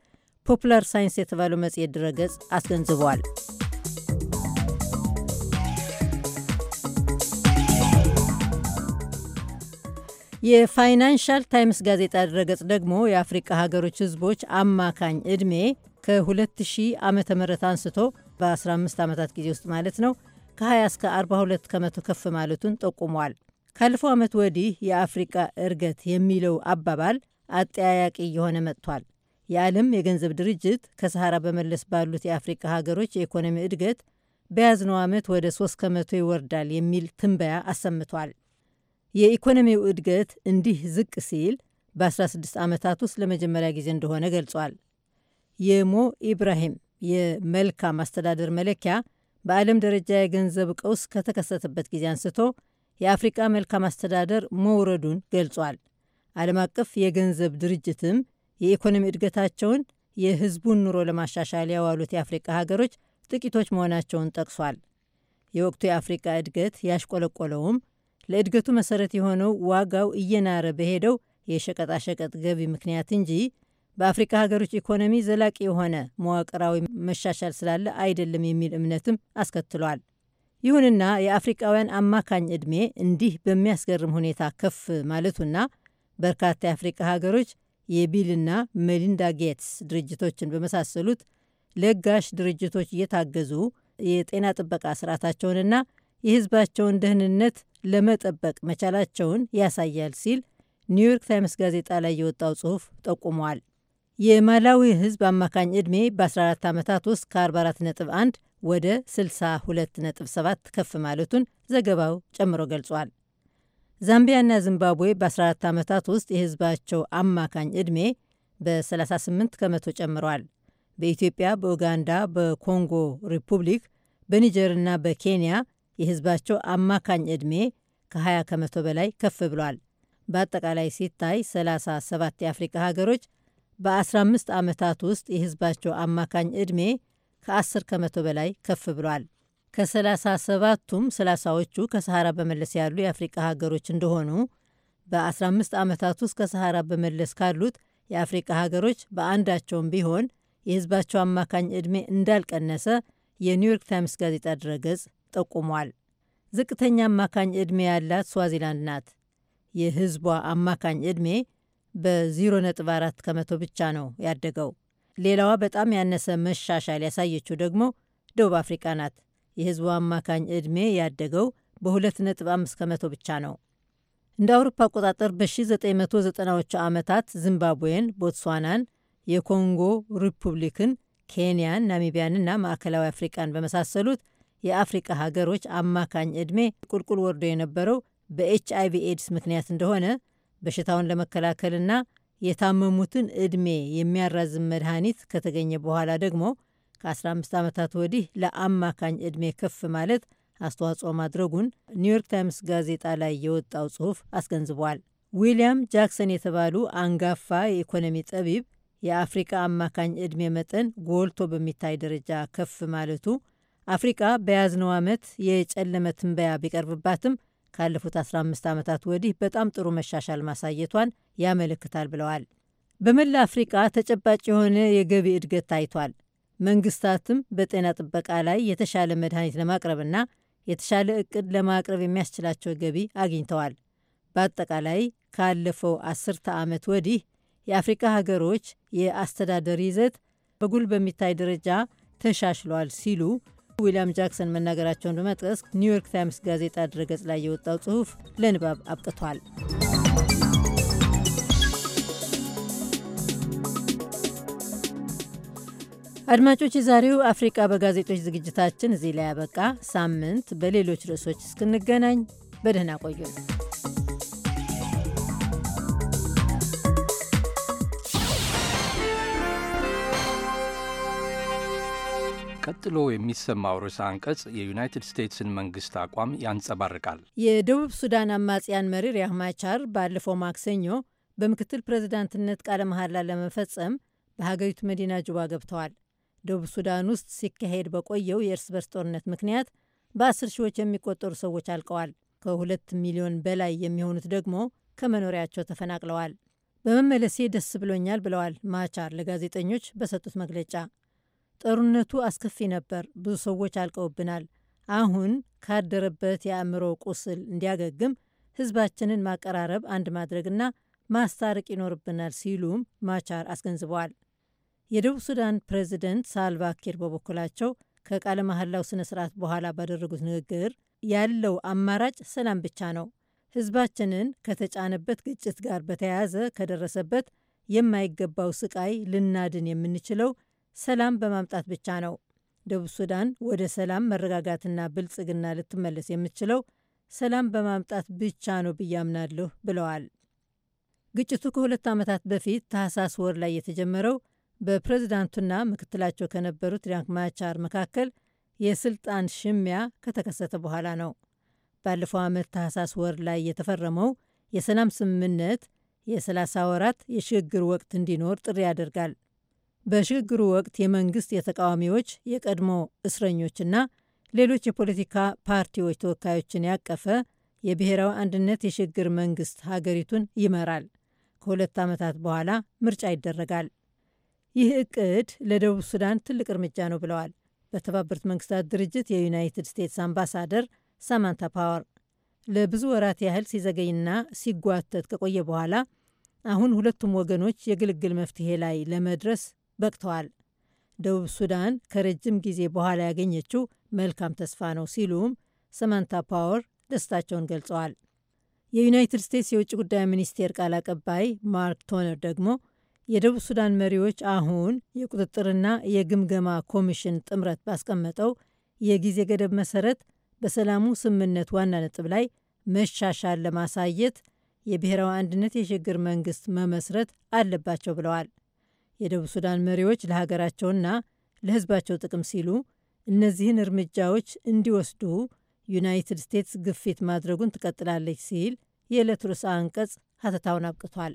ፖፑላር ሳይንስ የተባለው መጽሔት ድረገጽ አስገንዝበዋል። የፋይናንሻል ታይምስ ጋዜጣ ድረገጽ ደግሞ የአፍሪቃ ሀገሮች ህዝቦች አማካኝ ዕድሜ ከ2000 ዓ ም አንስቶ በ15 ዓመታት ጊዜ ውስጥ ማለት ነው ከ20 እስከ 42 ከመቶ ከፍ ማለቱን ጠቁሟል። ካለፈው ዓመት ወዲህ የአፍሪቃ እርገት የሚለው አባባል አጠያያቂ እየሆነ መጥቷል። የዓለም የገንዘብ ድርጅት ከሰሃራ በመለስ ባሉት የአፍሪቃ ሀገሮች የኢኮኖሚ እድገት በያዝነው ዓመት ወደ 3 ከመቶ ይወርዳል የሚል ትንበያ አሰምቷል። የኢኮኖሚው እድገት እንዲህ ዝቅ ሲል በ16 ዓመታት ውስጥ ለመጀመሪያ ጊዜ እንደሆነ ገልጿል። የሞ ኢብራሂም የመልካም አስተዳደር መለኪያ በዓለም ደረጃ የገንዘብ ቀውስ ከተከሰተበት ጊዜ አንስቶ የአፍሪቃ መልካም አስተዳደር መውረዱን ገልጿል። ዓለም አቀፍ የገንዘብ ድርጅትም የኢኮኖሚ እድገታቸውን የህዝቡን ኑሮ ለማሻሻል ያዋሉት የአፍሪቃ ሀገሮች ጥቂቶች መሆናቸውን ጠቅሷል። የወቅቱ የአፍሪቃ እድገት ያሽቆለቆለውም ለእድገቱ መሰረት የሆነው ዋጋው እየናረ በሄደው የሸቀጣሸቀጥ ገቢ ምክንያት እንጂ በአፍሪካ ሀገሮች ኢኮኖሚ ዘላቂ የሆነ መዋቅራዊ መሻሻል ስላለ አይደለም የሚል እምነትም አስከትሏል። ይሁንና የአፍሪቃውያን አማካኝ ዕድሜ እንዲህ በሚያስገርም ሁኔታ ከፍ ማለቱና በርካታ የአፍሪቃ ሀገሮች የቢልና ሜሊንዳ ጌትስ ድርጅቶችን በመሳሰሉት ለጋሽ ድርጅቶች እየታገዙ የጤና ጥበቃ ስርዓታቸውንና የሕዝባቸውን ደህንነት ለመጠበቅ መቻላቸውን ያሳያል ሲል ኒውዮርክ ታይምስ ጋዜጣ ላይ የወጣው ጽሑፍ ጠቁሟል። የማላዊ ሕዝብ አማካኝ ዕድሜ በ14 ዓመታት ውስጥ ከ44.1 ወደ 62.7 ከፍ ማለቱን ዘገባው ጨምሮ ገልጿል። ዛምቢያና ዚምባብዌ በ14 ዓመታት ውስጥ የሕዝባቸው አማካኝ ዕድሜ በ38 ከመቶ ጨምረዋል። በኢትዮጵያ፣ በኡጋንዳ፣ በኮንጎ ሪፑብሊክ፣ በኒጀርና በኬንያ የሕዝባቸው አማካኝ ዕድሜ ከ20 ከመቶ በላይ ከፍ ብሏል። በአጠቃላይ ሲታይ 37 የአፍሪካ ሀገሮች በ15 ዓመታት ውስጥ የሕዝባቸው አማካኝ ዕድሜ ከ10 ከመቶ በላይ ከፍ ብሏል። ከ37ቱም ከሰሃራ በመለስ ያሉ የአፍሪቃ ሀገሮች እንደሆኑ በ15 ዓመታት ውስጥ ከሰሃራ በመለስ ካሉት የአፍሪቃ ሀገሮች በአንዳቸውም ቢሆን የህዝባቸው አማካኝ ዕድሜ እንዳልቀነሰ የኒውዮርክ ታይምስ ጋዜጣ ድረገጽ ጠቁሟል። ዝቅተኛ አማካኝ ዕድሜ ያላት ስዋዚላንድ ናት። የህዝቧ አማካኝ ዕድሜ በ0.4 ከመቶ ብቻ ነው ያደገው። ሌላዋ በጣም ያነሰ መሻሻል ያሳየችው ደግሞ ደቡብ አፍሪቃ ናት። የህዝቡ አማካኝ ዕድሜ ያደገው በ2.5 ከመቶ ብቻ ነው። እንደ አውሮፓ አቆጣጠር በ1990ዎቹ ዓመታት ዚምባብዌን፣ ቦትስዋናን፣ የኮንጎ ሪፑብሊክን፣ ኬንያን፣ ናሚቢያንና ማዕከላዊ አፍሪቃን በመሳሰሉት የአፍሪቃ ሀገሮች አማካኝ ዕድሜ ቁልቁል ወርዶ የነበረው በኤች አይቪ ኤድስ ምክንያት እንደሆነ በሽታውን ለመከላከልና የታመሙትን ዕድሜ የሚያራዝም መድኃኒት ከተገኘ በኋላ ደግሞ ከ15 ዓመታት ወዲህ ለአማካኝ ዕድሜ ከፍ ማለት አስተዋጽኦ ማድረጉን ኒውዮርክ ታይምስ ጋዜጣ ላይ የወጣው ጽሑፍ አስገንዝቧል። ዊሊያም ጃክሰን የተባሉ አንጋፋ የኢኮኖሚ ጠቢብ የአፍሪቃ አማካኝ ዕድሜ መጠን ጎልቶ በሚታይ ደረጃ ከፍ ማለቱ አፍሪቃ በያዝነው ዓመት የጨለመ ትንበያ ቢቀርብባትም ካለፉት 15 ዓመታት ወዲህ በጣም ጥሩ መሻሻል ማሳየቷን ያመለክታል ብለዋል። በመላ አፍሪቃ ተጨባጭ የሆነ የገቢ እድገት ታይቷል። መንግስታትም በጤና ጥበቃ ላይ የተሻለ መድኃኒት ለማቅረብና የተሻለ እቅድ ለማቅረብ የሚያስችላቸው ገቢ አግኝተዋል። በአጠቃላይ ካለፈው አስርተ ዓመት ወዲህ የአፍሪካ ሀገሮች የአስተዳደር ይዘት በጉል በሚታይ ደረጃ ተሻሽሏል ሲሉ ዊልያም ጃክሰን መናገራቸውን በመጥቀስ ኒውዮርክ ታይምስ ጋዜጣ ድረገጽ ላይ የወጣው ጽሑፍ ለንባብ አብቅቷል። አድማጮች፣ የዛሬው አፍሪቃ በጋዜጦች ዝግጅታችን እዚህ ላይ ያበቃ። ሳምንት በሌሎች ርዕሶች እስክንገናኝ በደህና ቆዩ። ቀጥሎ የሚሰማው ርዕሰ አንቀጽ የዩናይትድ ስቴትስን መንግስት አቋም ያንጸባርቃል። የደቡብ ሱዳን አማጽያን መሪ ሪያክ ማቻር ባለፈው ማክሰኞ በምክትል ፕሬዚዳንትነት ቃለ መሐላ ለመፈጸም በሀገሪቱ መዲና ጁባ ገብተዋል። ደቡብ ሱዳን ውስጥ ሲካሄድ በቆየው የእርስ በርስ ጦርነት ምክንያት በአስር ሺዎች የሚቆጠሩ ሰዎች አልቀዋል። ከሁለት ሚሊዮን በላይ የሚሆኑት ደግሞ ከመኖሪያቸው ተፈናቅለዋል። በመመለሴ ደስ ብሎኛል ብለዋል ማቻር ለጋዜጠኞች በሰጡት መግለጫ። ጦርነቱ አስከፊ ነበር፣ ብዙ ሰዎች አልቀውብናል። አሁን ካደረበት የአእምሮ ቁስል እንዲያገግም ህዝባችንን ማቀራረብ፣ አንድ ማድረግና ማስታረቅ ይኖርብናል ሲሉም ማቻር አስገንዝበዋል። የደቡብ ሱዳን ፕሬዚደንት ሳልቫኪር በበኩላቸው ከቃለ መሐላው ስነ ስርዓት በኋላ ባደረጉት ንግግር ያለው አማራጭ ሰላም ብቻ ነው፣ ህዝባችንን ከተጫነበት ግጭት ጋር በተያያዘ ከደረሰበት የማይገባው ስቃይ ልናድን የምንችለው ሰላም በማምጣት ብቻ ነው። ደቡብ ሱዳን ወደ ሰላም መረጋጋትና ብልጽግና ልትመለስ የምትችለው ሰላም በማምጣት ብቻ ነው ብዬ አምናለሁ ብለዋል። ግጭቱ ከሁለት ዓመታት በፊት ታህሳስ ወር ላይ የተጀመረው በፕሬዝዳንቱና ምክትላቸው ከነበሩት ሪያክ ማቻር መካከል የስልጣን ሽሚያ ከተከሰተ በኋላ ነው። ባለፈው ዓመት ታህሳስ ወር ላይ የተፈረመው የሰላም ስምምነት የ30 ወራት የሽግግር ወቅት እንዲኖር ጥሪ ያደርጋል። በሽግግሩ ወቅት የመንግስት የተቃዋሚዎች የቀድሞ እስረኞችና ሌሎች የፖለቲካ ፓርቲዎች ተወካዮችን ያቀፈ የብሔራዊ አንድነት የሽግግር መንግስት ሀገሪቱን ይመራል። ከሁለት ዓመታት በኋላ ምርጫ ይደረጋል። ይህ እቅድ ለደቡብ ሱዳን ትልቅ እርምጃ ነው ብለዋል በተባበሩት መንግስታት ድርጅት የዩናይትድ ስቴትስ አምባሳደር ሳማንታ ፓወር። ለብዙ ወራት ያህል ሲዘገይና ሲጓተት ከቆየ በኋላ አሁን ሁለቱም ወገኖች የግልግል መፍትሄ ላይ ለመድረስ በቅተዋል። ደቡብ ሱዳን ከረጅም ጊዜ በኋላ ያገኘችው መልካም ተስፋ ነው ሲሉም ሰማንታ ፓወር ደስታቸውን ገልጸዋል። የዩናይትድ ስቴትስ የውጭ ጉዳይ ሚኒስቴር ቃል አቀባይ ማርክ ቶነር ደግሞ የደቡብ ሱዳን መሪዎች አሁን የቁጥጥርና የግምገማ ኮሚሽን ጥምረት ባስቀመጠው የጊዜ ገደብ መሰረት በሰላሙ ስምምነት ዋና ነጥብ ላይ መሻሻል ለማሳየት የብሔራዊ አንድነት የሽግግር መንግስት መመስረት አለባቸው ብለዋል። የደቡብ ሱዳን መሪዎች ለሀገራቸውና ለሕዝባቸው ጥቅም ሲሉ እነዚህን እርምጃዎች እንዲወስዱ ዩናይትድ ስቴትስ ግፊት ማድረጉን ትቀጥላለች ሲል የዕለት ርዕሰ አንቀጽ ሀተታውን አብቅቷል።